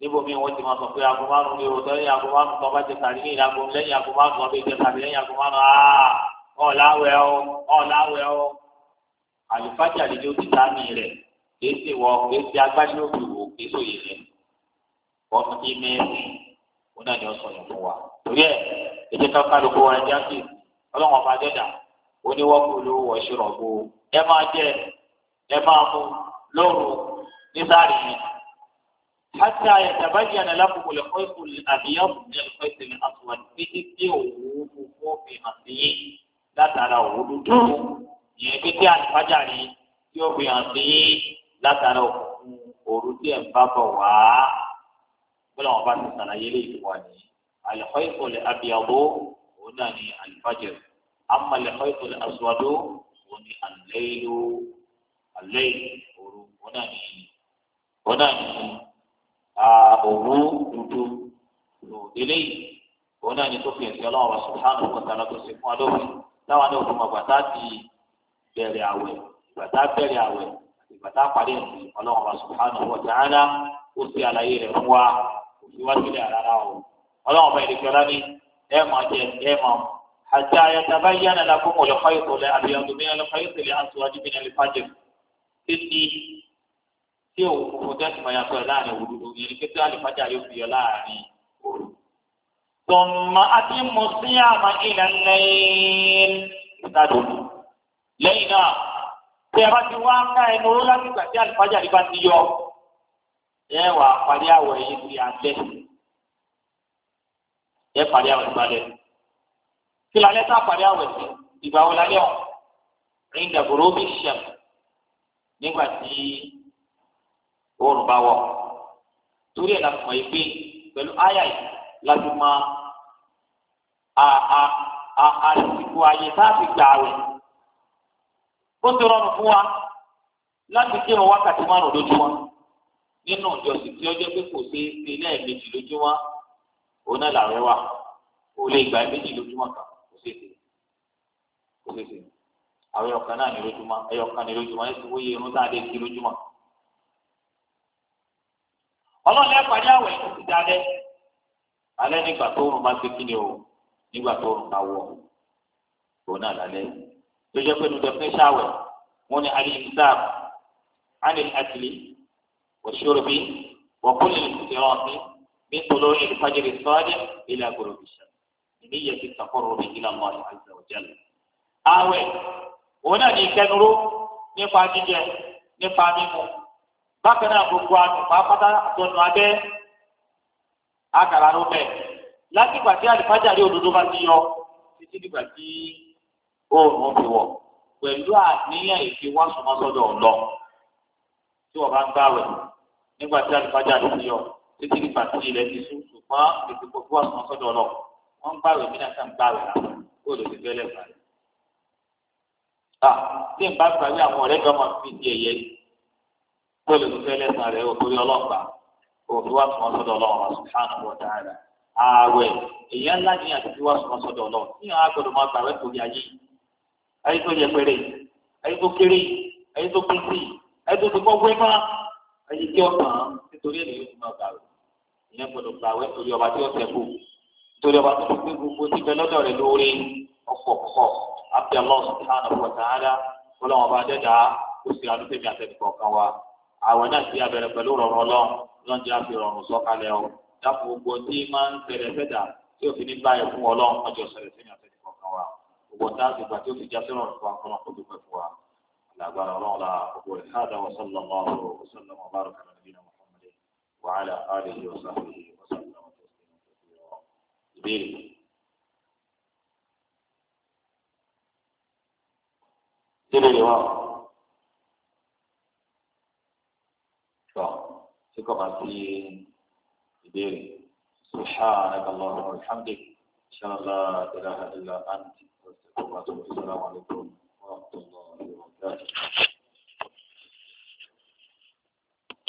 níbo mi wọ́n ti máa sọ pé aago márùn-ún ní òótọ́ lẹ́yìn aago márùn-ún tó bá jẹ kàrí ní ìlàgò lẹ́yìn aago márùn-ún ọbẹ̀ jẹ kàrí lẹ́yìn aago ah, márùn-ún aaa ọ̀làwẹ̀ ọ ọ̀làwẹ̀ ọ. àlùfáàjà lè ló ti ta mí rẹ̀ kìí ṣe wọ kìí ṣe agbájú òbí wò kìí ṣòye rẹ̀ wọ́n fi kí mẹ́rin òun náà ni ó sọ̀rọ̀ fún wa. torí ẹ ẹ jẹ́ ká kálukú wa ẹ jẹ́ kí ọlọ́run ọba dẹ́dà ó ní wọ́n kúlú wọ́ṣọ́rọ̀ ẹ máa jẹ ẹ máa mu lóru nísàrí yẹn. hátà ìtàbáyà ni lákòókò lè kọ́ ìkò àbíyàn ní ẹ̀kọ́ ìsìnkú àtúwọ̀n títí tí òwú fúnfún fi hàn sí yín látara òwú dúdú yẹn bí tí àtìfájà rí yóò fi hàn sí yín látara òkùnkùn òru tí ẹ̀ ń wá. bọ́lá wọn bá ti sàlàyé lè wà ní àlẹ́kọ́ ìkò lè òun náà ní àlìfájà àmọ́ àlẹ́kọ́ ìkò lè àsùwàdó ní àlẹ́yò àlẹ́yò òru òun náà ní òun náà ní òwú dúdú lò eléyìí òun náà ní sókè ẹ̀sìn ọlọ́run wa subhanahu wa ta'ala tó ṣe fún wa lórí náà fún wa ti bẹ̀rẹ̀ àwẹ̀ gbàtà bẹ̀rẹ̀ àwẹ̀ gbàtà parí ẹ̀sìn ọlọ́run wa subhanahu wa ó ṣe àlàyé rẹ̀ fún wa òfin wá sílẹ̀ àrárá ọlọ́run bá حتى يتبين لكم الخيط الأبيض من الخيط الأسود من الفجر títí tí òun funfun tẹ́sí máa yàtọ̀ láàrin òwúrò yẹn ni pé tí àlùfáàjà yóò fi yọ láàrin òru. tọ̀mọ̀ àti mùsíàmà ilẹ̀ nẹ́ẹ̀ẹ́n ìdádòdò. lẹ́yìn náà tí a bá ti wá ká ẹnu oró láti ìgbà tí àlùfáàjà yìí bá ti yọ ẹ wà parí àwọ̀ ẹ̀yìn ti àtẹ. ẹ parí àwọ̀ ìgbàlẹ̀ kí lálẹ́ tá a parí àwẹ̀ sí ìgbà wo lálẹ́ ọ̀hún ẹ̀yin dàgbòrò bí sẹ̀m nígbà tí oòrùn bá wọ̀ torí ẹ̀ láti yìí pé pẹ̀lú àyà yìí láti mọ àsìkò àyè tá a fi gbà àwẹ̀ ó ti rọrùn fún wa láti kí wọn wákàtí márùn lójúmọ́ nínú ìjọsìn tí ọjọ́ pé kò ṣe é ṣe lẹ́ẹ̀mejì lójúmọ́ òun náà làwẹ̀ wà ó lè gbà méjì lójúmọ́ kan ṣèṣe kò ṣèṣe àwọn ẹyọkan náà ní lójúmọ́ ẹyọkan ní lójúmọ́ ẹ ti wóye irun tá a lè kí lójúmọ́. ọlọ́run ẹ pàdé àwẹ̀ tó ti dalẹ̀ alẹ́ nígbà tó oòrùn bá ti kíni o nígbà tó oòrùn bá wọ̀ òun náà lálẹ́ tó jẹ́ pé nu definition àwẹ̀ wọ́n ní alẹ́ ìsáàbù alẹ́ àtìlẹ́ òṣèré bíi wọ́n kó lè ṣèrànṣẹ́ nítorí sọ́ọ́dẹ̀ ilé agbèrò bìṣà. بنية التقرب إلى الله عز وجل àwẹ̀ òun náà ní ìkẹnuró nípa jíjẹ nípa mímu bákan náà gbogbo àtùn pàápàá àtọ̀nù abẹ́ àkàrà ló bẹ̀ látìgbà tí àlùfájàrí òdodo bá ti yọ títí dìgbà tí oòrùn fi wọ̀ pẹ̀lú àníyàn ìfiwásùnmọ́sọ́dọ̀ ọ̀lọ́ tí wọ́n bá ń gbàwẹ̀ nígbà tí àlùfájàrí ti yọ títí dìgbà tí ilẹ̀ ti sùn ṣùgbọ́n ìfiwásùnmọ́sọ́dọ̀ ọ̀lọ́ wọ́n ń gbàwé mí náà sàn gbàwé làwọn kó lè fi bẹ́lẹ̀ fà. à ah, tí n bá gbàwé àwọn ọ̀rẹ́ kan máa fi di ẹ̀yẹ kó lè fi bẹ́lẹ̀ fà rẹ̀ òkúri ọlọ́pàá òkúri wà fún ọsọdọ̀ ọlọ́run subhanahu wa ta'ala. ààwẹ̀ èyí ńlá ni àti wà fún ọsọdọ̀ ọlọ́run ní àwọn agbọ̀dọ̀ máa gbàwé torí ayé ayé tó yẹ péré ayé tó kéré ayé tó pín sí ayé tó ti kọ́ gbé má ayé torí ọba tí ó ṣẹ́kù nítorí ọba tó ti pé gbogbo síbẹ̀ lọ́dọ̀ rẹ̀ lórí ọ̀pọ̀ púpọ̀ àti Allah subhanahu wa ta'ala ọlọ́wọ́n bá dẹ́ta ó sì adúgbò mi àtẹnukọ̀ kan wa àwọn náà ti abẹ̀rẹ̀ pẹ̀lú rọrùn ọlọ́run lọ́njẹ́ àfi rọrùn sọ́kalẹ̀ ọ dápò gbogbo tí máa ń tẹ̀lé fẹ́dà tí ó fi ní báyìí fún ọlọ́run ọjọ́ sẹ̀rẹ̀ sí mi àtẹnukọ̀ kan wa gbogbo tá a ti gbà tí ó fi já sí rọrùn fún akọ́nà tó dúpẹ́ fún wa làgbára ọlọ́run la gbogbo بال دغه یو ښه څه کومه چې دې سبحانك اللهم وبحمدك ان لا اله الا انت استغفرك السلام عليكم ورحمه الله وبركاته